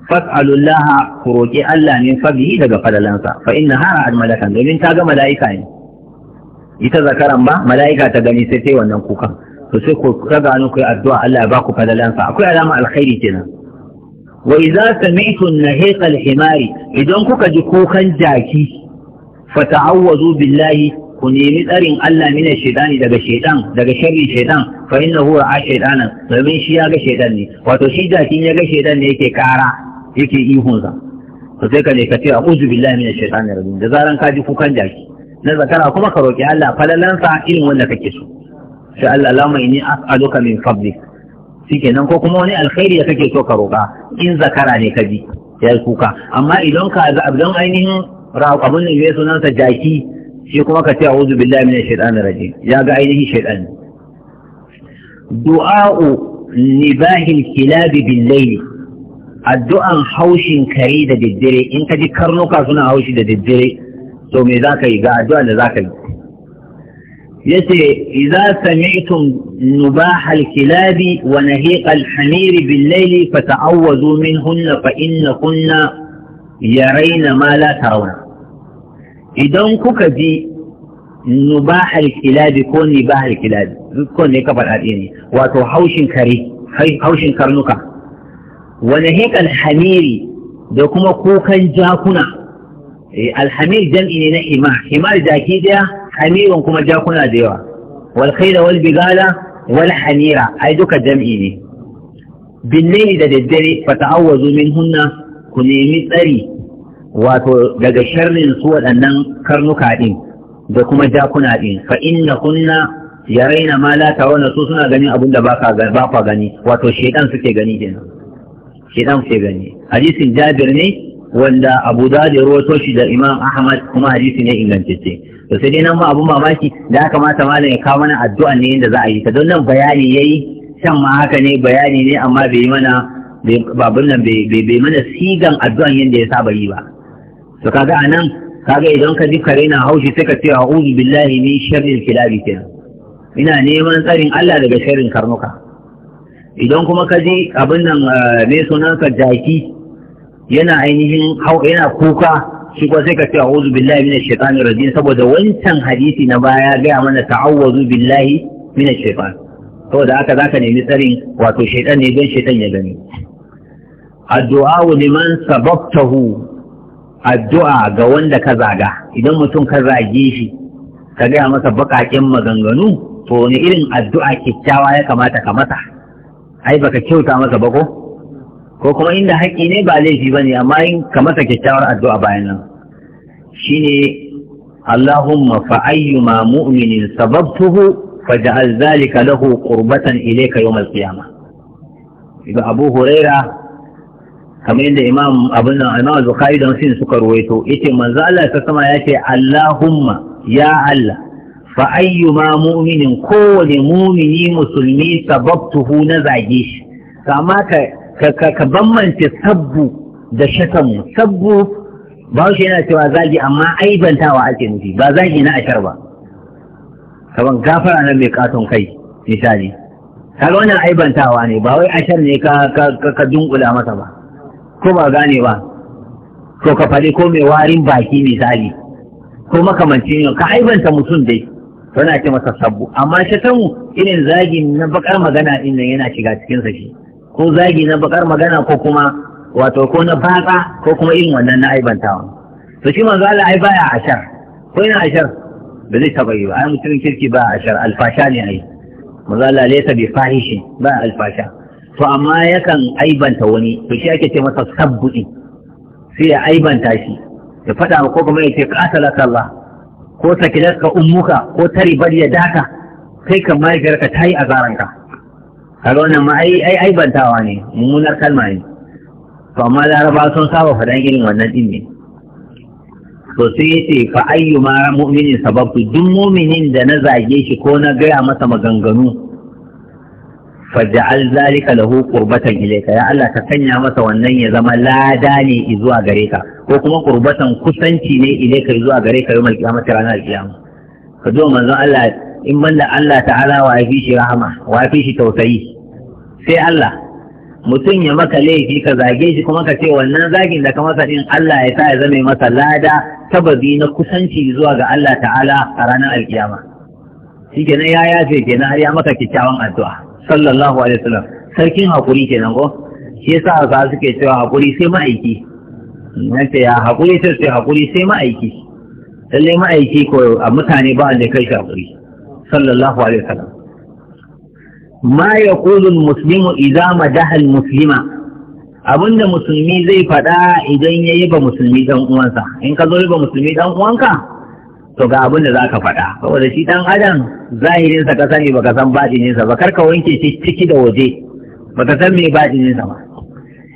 fas'alullaha ku roƙi Allah ne fabihi daga fadalansa fa inna hara al malakan domin ta ga mala'ika ne ita zakaran ba mala'ika ta gani sai sai wannan kukan to sai ku raga hannu ku addu'a Allah ya ba ku fadalansa akwai alama alkhairi kenan wa idza sami'tu nahiqa al himari idan kuka ji kukan jaki fata'awwazu billahi ku nemi tsarin Allah mina shaitani daga shaitan daga sharrin shaitan fa innahu ra'a shaitanan domin shi ya ga shaitan ne wato shi jakin ya ga shaitan ne yake kara yake ihunsa to sai ka ne ka ce a'udhu billahi minash shaitanir rajim da zaran ka ji kukan jaki na zakara kuma ka roki Allah falalansa irin wanda kake so sai Allah lama inni min ko kuma wani alkhairi da kake so ka roka in zakara ne ka ji ya kuka amma idan ka idan ainihin abun ne mai sunansa jaki shi kuma ka ce a'udhu billahi minash shaitani rajim ya ga ainihin shaitani du'a'u nibahil kilabi bil addu'an haushin kare da daddare in ka ji karnuka suna haushi da daddare to me za ka yi ga addu'an da za ka yi Ya ce Kilabi يتي إذا سمعتم نباح الكلاب ونهيق min hunna فتعوذوا منهن kunna, يرين ma لا ترون idan kuka ji nubahar kilabi ko nibahar kilabi ko ne kafar faɗa ne wato haushin kare haushin karnuka wani hik alhamiri da kuma kukan jakuna eh, alhamir jam'i ne na hima himar jaki daya hamirin kuma jakuna da yawa wal khaira wal bigala wal hamira ai duka jam'i ne billahi da daddare fata'awwazu minhunna ku nemi tsari wato daga sharrin su waɗannan karnuka ɗin da kuma jakuna ɗin fa inna kunna ya raina ma la su suna ganin abin da ba ka gani wato shedan suke gani kenan shedan suke gani hadisin Jabir ne wanda Abu Dawud ya rawato shi da Imam Ahmad kuma hadisi ne ingantacce to sai dai nan ma abun mamaki da ya kamata malam ya kawo mana addu'a ne yadda za a yi ta don nan bayani yayi can ma haka ne bayani ne. Amma babun nan bai mana sigan addu'an yadda ya saba yi ba to kaga anan kaga idan ka ji kare haushi sai ka ce a'udhu billahi min sharril kilabi kenan ina neman tsarin Allah daga sharrin karnuka idan kuma ka ji abin nan eh, me ka jaki yana ainihin yana kuka shi kuma sai ka ce a'udhu billahi minash shaitani rajim saboda wancan hadisi na baya gaya mana ta'awwazu billahi minash shaitan saboda haka zaka nemi tsarin wato shaitan ne don shaitan ya gani addu'a liman sababtahu addu'a ga wanda ka zaga idan mutum ka zage shi ka gaya masa baƙaƙen maganganu to wani irin addu'a kyakkyawa ya kamata ka masa ai baka kyauta masa ba ko ko kuma inda haƙƙi ne ba laifi ba ne amma in ka masa kyakkyawar addu'a bayan nan shine Allahumma fa ayyuma mu'minin sababtuhu ja'al zalika lahu qurbatan ilayka yawm al-qiyamah Abu Huraira kamar yadda imam abin nan imam bukhari Dan Sin suka ruwaito yace manzo Allah ta sama yace Allahumma ya Allah fa ayyuma mu'minin kowane mumini musulmi sababtuhu na zage shi kama ka ka ka bambance sabbu da shakamu sabbu ba shi yana cewa zagi amma aibantawa ake nufi ba zagi na ashar ba kaman gafara nan mai katon kai misali kaga wannan aibantawa ne ba wai ashar ne ka ka ka dunkula masa ba ko ba gane ba to ka faɗi ko mai warin baki misali ko makamancin yau ka aibanta mutum dai tana ce masa sabbu amma shatamu irin zagi na bakar magana din nan yana shiga cikin sa shi ko zagi na bakar magana ko kuma wato ko na fata ko kuma irin wannan na aibantawa to shi manzo Allah ai baya ashar ko yana ashar ba zai taba yi ba ai mutumin kirki ba ashar alfasha ne ai manzo Allah laysa bi fahishin ba alfasha to amma yakan aibanta wani to shi ake ce masa sabbu'i sai ya aibanta shi ya faɗa ko kuma ya ce qatalaka Allah ko sakilatka ummuka ko bari ya daka kai kan mahaifiyarka ta yi azaranka kaga wannan ma ai aibantawa ne mummunar kalma ne to amma laraba sun saba faɗan irin wannan din ne to sai ya ce fa ayyuma mu'minin sababtu duk mu'minin da na zage shi ko na gaya masa maganganu faj'al zalika lahu qurbatan ilayka ya Allah ka sanya masa wannan ya zama lada ne zuwa gare ka ko kuma qurbatan kusanci ne ilayka zuwa gare ka yawmal qiyamati ranar kiyama ka zo manzon Allah in banda Allah ta'ala wa fi shi rahama wa fi shi tausayi sai Allah mutum ya maka laifi ka zage shi kuma ka ce wannan zagin da ka masa din Allah ya sa ya zame masa lada sababi na kusanci zuwa ga Allah ta'ala a ranar alkiyama shi kenan ya yafe kenan har ya maka kyakkyawan addu'a sallallahu alaihi wasallam sarkin hakuri kenan ko shi yasa hausa suke cewa hakuri sai ma'aiki nace ya hakuri sai sai hakuri sai ma'aiki lallai ma'aiki ko a mutane ba da kai shi hakuri sallallahu alaihi wasallam ma yaqulu al-muslimu idza madaha al-muslima abinda musulmi zai faɗa idan ya yi ba musulmi dan uwansa in ka zo ba musulmi dan uwanka to ga abin da za ka faɗa saboda shi ɗan adam zahirinsa ka sani baka san batininsa ba karka wanke shi ciki da waje baka san me batininsa ba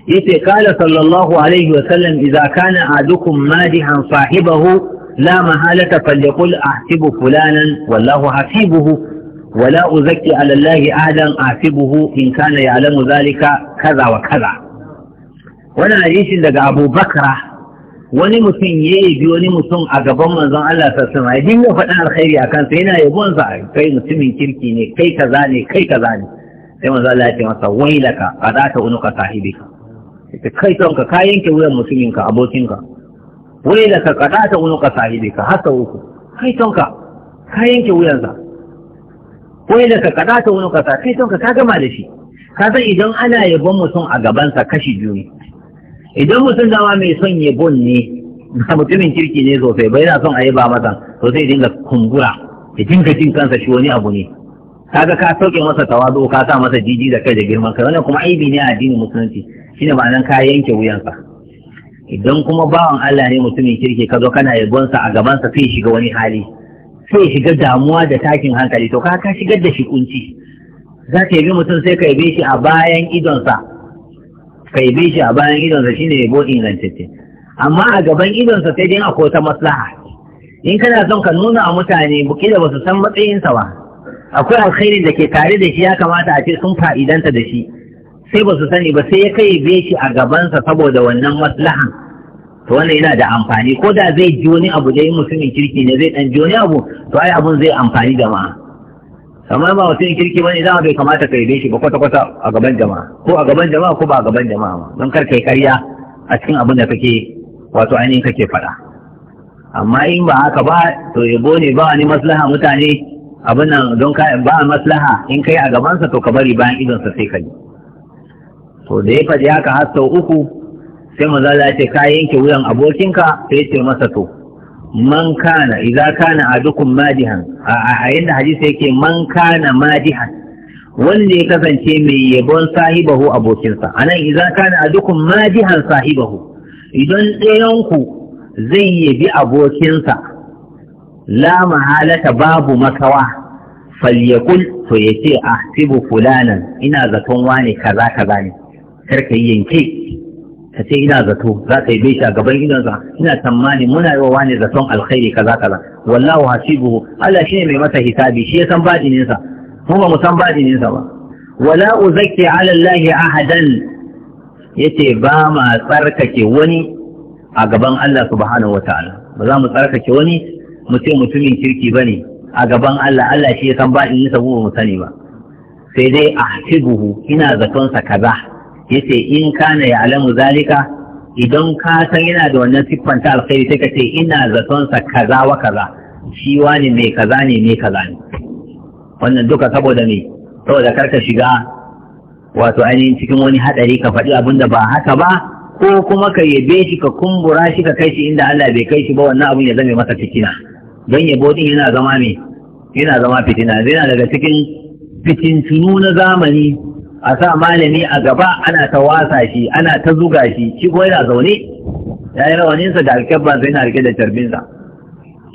yace kala sallallahu alaihi wa sallam idza kana adukum madihan sahibahu la mahalata falyaqul ahsibu fulanan wallahu hasibuhu ولا أزكي على الله أحدا أحسبه إن كان يعلم ذلك كذا وكذا وانا حديث daga Abu Bakra wani mutum ya yabi wani mutum a gaban manzon Allah sassama ya dinga faɗin alkhairi a kansa yana yabonsa a kai mutumin kirki ne kai kaza ne kai kaza ne sai manzon Allah ya ce masa laka a za ta unuka sahibi ka kai tonka ka yanke wuyan mutuminka abokinka wailaka ka za ta unuka ka haka uku kai tonka ka yanke wuyansa wailaka ka za ta unuka sahibi kai tonka ka gama da shi ka san idan ana yabon mutum a gabansa kashi biyu ne idan mutum dama mai son yabon ne na mutumin kirki ne sosai bai na son a ba masa to zai dinga kumbura ya dinga jin kansa shi wani abu ne kaga ka sauke masa tawazu ka sa masa jiji da kai da girman kai wannan kuma aibi ne a addinin musulunci shine ma'anan ka yanke wuyansa idan kuma bawan Allah ne mutumin kirki ka zo kana yabonsa a gabansa sai shiga wani hali sai shiga damuwa da takin hankali to ka ka shigar da shi kunci za ka yabi mutum sai ka yabe shi a bayan idonsa kai bi shi a bayan idonsa shi ne bo ingantacce amma a gaban idonsa sai dai akwai ta maslaha in kana son ka nuna a mutane kila da basu san matsayinsa ba akwai alkhairin da ke tare da shi ya kamata a ce sun fa'idanta da shi sai basu sani ba sai ya kai be shi a gabansa saboda wannan maslahan to wannan yana da amfani ko da zai ji wani abu da yi mutumin kirki ne zai dan ji wani abu to ai abun zai amfani da jama'a kamar ba mutum kirki za dama bai kamata ka yi shi ba kwata kwata a gaban jama'a ko a gaban jama'a ko ba a gaban jama'a ba don kar kai karya a cikin abin da kake wato ainihin kake faɗa amma in ba haka ba to ya ne ba wani maslaha mutane abin nan don ka ba maslaha in kai a gabansa to ka bari bayan idon sa sai ka yi to da ya faɗi haka har sau uku sai maza ya ce ka yanke wuyan abokinka sai ce masa to man kana idza kana adukum madihan a yanda hadisi yake man kana madihan wanda ya kasance mai yabon sahibahu abokinsa anan idza kana adukum madihan sahibahu idan ɗayanku zai yabi abokinsa la mahalata babu makawa falyakul to yace ahsibu fulanan ina zaton wane kaza kaza ne karka yanke ka ce ina zato za ka yi bai a gaban idonsa ina tsammani muna yi wa wani zaton alkhairi kaza kaza wallahu hasibuhu Allah shine mai masa hisabi shi ya san badinin sa mu ba mu san badinin sa ba wala uzakki ala Allah ahadan yace ba ma tsarkake wani a gaban Allah subhanahu wataala ba za mu tsarkake wani mu ce mutumin kirki bane a gaban Allah Allah shi ya san badinin sa mu ba mu sani ba sai dai ahsibuhu ina zaton sa kaza yace in kana ya alamu zalika idan ka san yana da wannan ta alkhairi sai ka ce ina zaton sa kaza wa kaza shi wani mai kaza ne mai kaza ne wannan duka saboda me saboda karka shiga wato ainihin cikin wani hadari ka faɗi abin da ba haka ba ko kuma ka yabe shi ka kumbura shi ka kai shi inda Allah bai kai shi ba wannan abun ya zama masa fitina don yabo din yana zama me yana zama fitina yana daga cikin fitintunu na zamani a sa malami a gaba ana ta wasa shi ana ta zuga shi shi ko yana zaune ya yi rawaninsa da ba sai yana rike da tarbinsa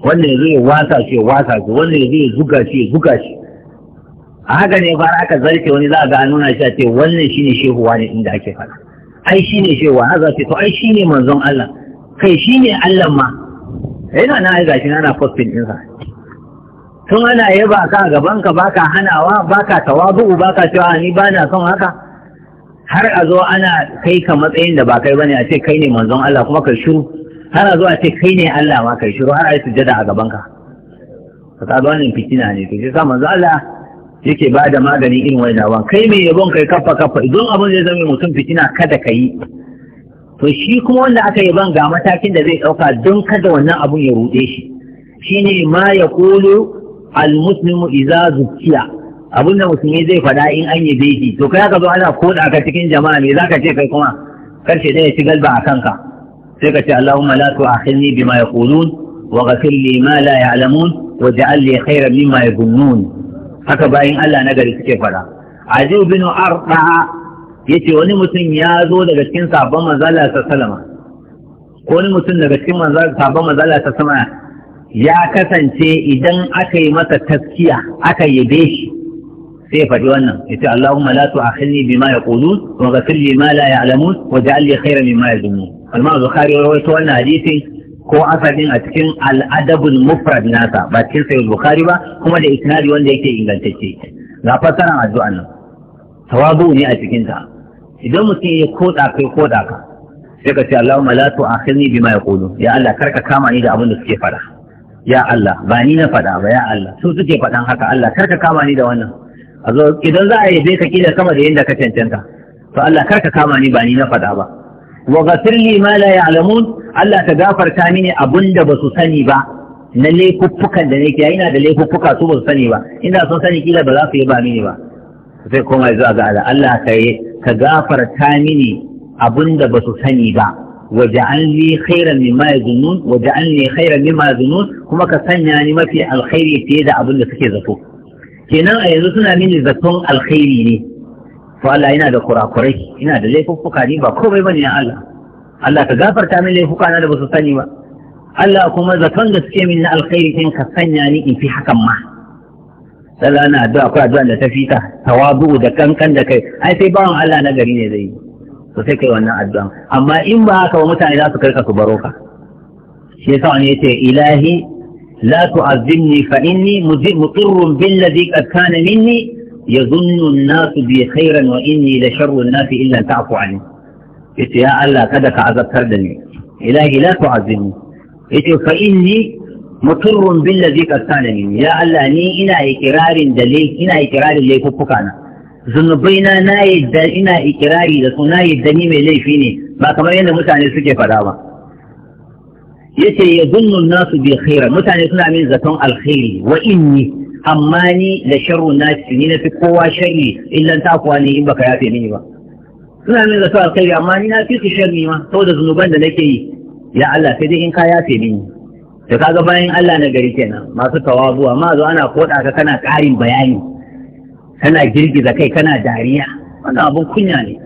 wannan ya zo ya wasa shi ya wasa shi wannan ya zo ya zuga shi ya zuga shi a haka ne fara aka zarce wani za a ga an nuna shi a ce wannan shine shehuwa ne inda ake fara. ai shine shehuwa na za ce to ai shine manzon Allah kai shine Allah ma yana na ai gashi ana posting ɗinsa tun ana yaba ka a gaban ka baka hanawa baka tawabu baka cewa ni ba na son haka har a zo ana kai ka matsayin da ba kai bane a ce kai ne manzon Allah kuma kai shiru har a zo a ce kai ne Allah ma kai shiru har a yi sujjada a gaban ka ka ga wannan fitina ne to sai sa manzon Allah yake ba da magani irin wani kai mai yabon kai kafa kafa idan abin zai zama mutum fitina kada ka yi to shi kuma wanda aka yaban ga matakin da zai ɗauka don kada wannan abun ya ruɗe shi shine ma ya kulu almuslimu idza zukiya da musulmi zai faɗa in an yabe shi to kai aka zo ana koda ka cikin jama'a me zaka ce kai kuma karshe ɗaya ci galba a kanka sai ka ce Allahumma la tu'akhilni bima yaqulun wa ghfir li ma la ya'lamun wa ja'al li khayran mimma yadhunnun haka bayin Allah na gari suke faɗa Aziz bin Arqa yace wani mutum ya zo daga cikin sabon manzala ta salama ko wani mutum daga cikin sabon manzala ta sama ya kasance idan aka yi masa taskiya aka yabe shi sai faɗi wannan ya ce Allahumma la akhilni bima yaqulun wa ghfir li ma la ya'lamun wa ja'al li khayran mimma al Imam Bukhari ya rawaito wannan hadisi ko asalin a cikin al-adabul mufrad nasa ba cikin sahih Bukhari ba kuma da isnadi wanda yake ingantacce ga fasaran addu'an nan tawabu ne a cikin ta idan mutum ya koda kai koda ka sai ka ce Allahumma la akhilni bima yaqulun ya Allah karka kama ni da abin da suke faɗa ya Allah ba ni na faɗa ba ya Allah su suke faɗan haka Allah kar kama ni da wannan a zo idan za a yi zai ka kila sama da yadda ka cancanta to Allah kar ka kama ni ba ni na faɗa ba wa ghafirli ma la ya'lamun Allah ka gafarta mini abunda ba su sani ba na laifuffukan da nake ina da laifuffuka su basu sani ba ina sun sani kila ba za su yi ba mini ba sai koma zuwa ga Allah Allah ka gafarta mini abun da basu sani ba waj'alni khairan mimma yazunnun waj'alni khairan mimma yazunnun kuma ka sanya ni mafi alkhairi fiye da abin da suke zato kenan a yanzu suna mini zaton alkhairi ne to Allah ina da kurakurai ina da laifuffuka ni ba komai bane ya Allah Allah ka gafarta min laifuka na da basu sani ba Allah kuma zaton da suke min na alkhairi din ka sanya ni in fi hakan ma sallah na addu'a akwai addu'a da ta fita tawadu da kankan da kai ai sai bawan Allah na gari ne zai yi to sai kai wannan addu'an amma in ba haka ba mutane za su karka su baro ka shi yasa wani yace ilahi la tu'azzimni fa inni mutirrun billadhi qad kana minni yazunnu an-nasu bi khairan wa inni la sharru an-nasi illa ta'fu anni yace ya Allah kada ka azabtar da ni ilahi la tu'azzimni yace fa inni mutirrun billadhi qad kana minni ya Allah ni ina ikirarin da ina ikrarin laifuffuka na zunubai na na yadda ina ikirari da su na yadda ni mai laifi ne ba kamar yadda mutane suke fada ba yace ya zunnu nasu bi khaira mutane suna min zaton alkhairi wa inni amma ni da sharru na ni na fi kowa sharri illan takuwa ne in baka yafe mini ba suna min zaton alkhairi amma ni na fi su sharri ma saboda zunuban da nake yi ya Allah sai dai in ka yafe mini to kaga bayan Allah na gari kenan masu tawazuwa ma zo ana koda ka kana karin bayani kana girgiza kai kana dariya wannan abin kunya ne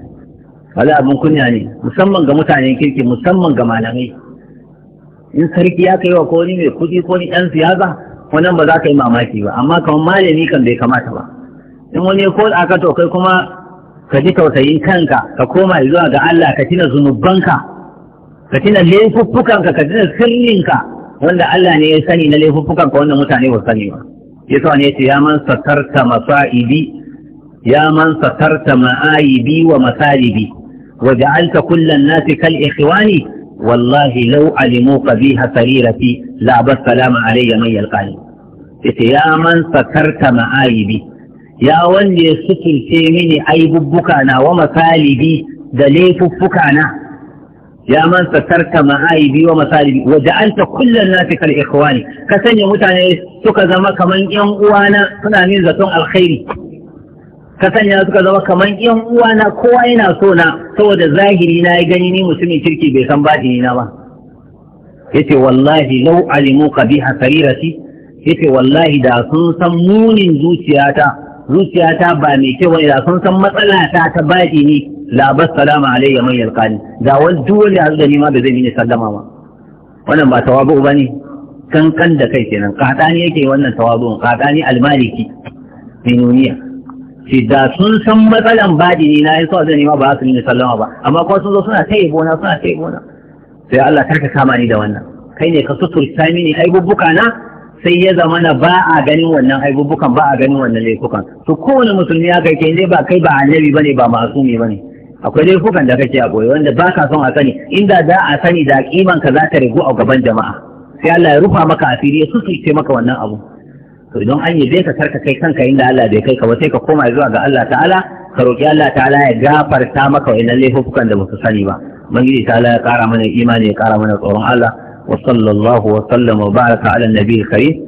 wani abin kunya ne musamman ga mutanen kirki musamman ga malamai in sarki ya kai wa ko mai kuɗi ko ni ɗan siyasa wannan ba za ka yi mamaki ba amma kamar malami kan bai kamata ba in wani ko aka to kai kuma ka ji tausayin kanka ka koma zuwa ga Allah ka tina zunubanka ka tina laifuffukanka ka tina sirrinka wanda Allah ne ya sani na laifuffukanka wanda mutane ba sani ba ya sa ne ya man satarta masa'ibi ya man satarta ma'aibi wa masalibi wa ja'alta kullan nasi kal ikhwani wallahi law alimu qabiha sarirati la basalama alayya man yalqani yace ya man satarta ma'aibi ya wanda ya suturce mini aibubbuka na wa masalibi da laifuffuka na ya man satarta ma'aibi wa masalibi wa ja'alta kullun nasi kal ikhwani ka sanya mutane suka zama kaman yan uwana suna min zaton alkhairi ka sanya zama kaman yan uwana kowa yana so na saboda zahiri na ya gani ni mutumin kirki bai san batini na ba yace wallahi law alimu qabiha sarirati yace wallahi da sun san munin zuciyata zuciyata ba mai kyau da sun san matsalata ta baɗi ni. Labar bas salama alayya man yalqani ga wani duwar wanda ya da nima da zai zai mini sallama ma. wannan ba tawabu ba ne kankan da kai kenan kaɗani yake wannan tawabu kaɗani almaliki minuniya shi da sun san matsalan baɗi ne na yi so zai nima ba su mini sallama ba amma kuma sun zo suna ta yi bona, suna ta yi bona. sai Allah karka kama ni da wannan kai ne ka sutur suturta mini aibubbuka na sai ya zama na ba a ganin wannan aibubukan ba a ganin wannan laifukan to kowane musulmi ya kai ke ba kai ba annabi bane ba masumi bane akwai laifukan da kake a boye wanda ba ka son a sani inda za a sani da kiman ka za ta rigu a gaban jama'a sai Allah ya rufa maka asiri ya susuce maka wannan abu to idan an yi ka karka kai kanka inda Allah bai kai ka ba sai ka koma zuwa ga Allah ta'ala ka roki Allah ta'ala ya gafarta maka wa'annan laifukan da su sani ba ubangiji ta'ala ya kara mana imani ya kara mana tsoron Allah wa sallallahu wa sallama baraka ala nabiyil karim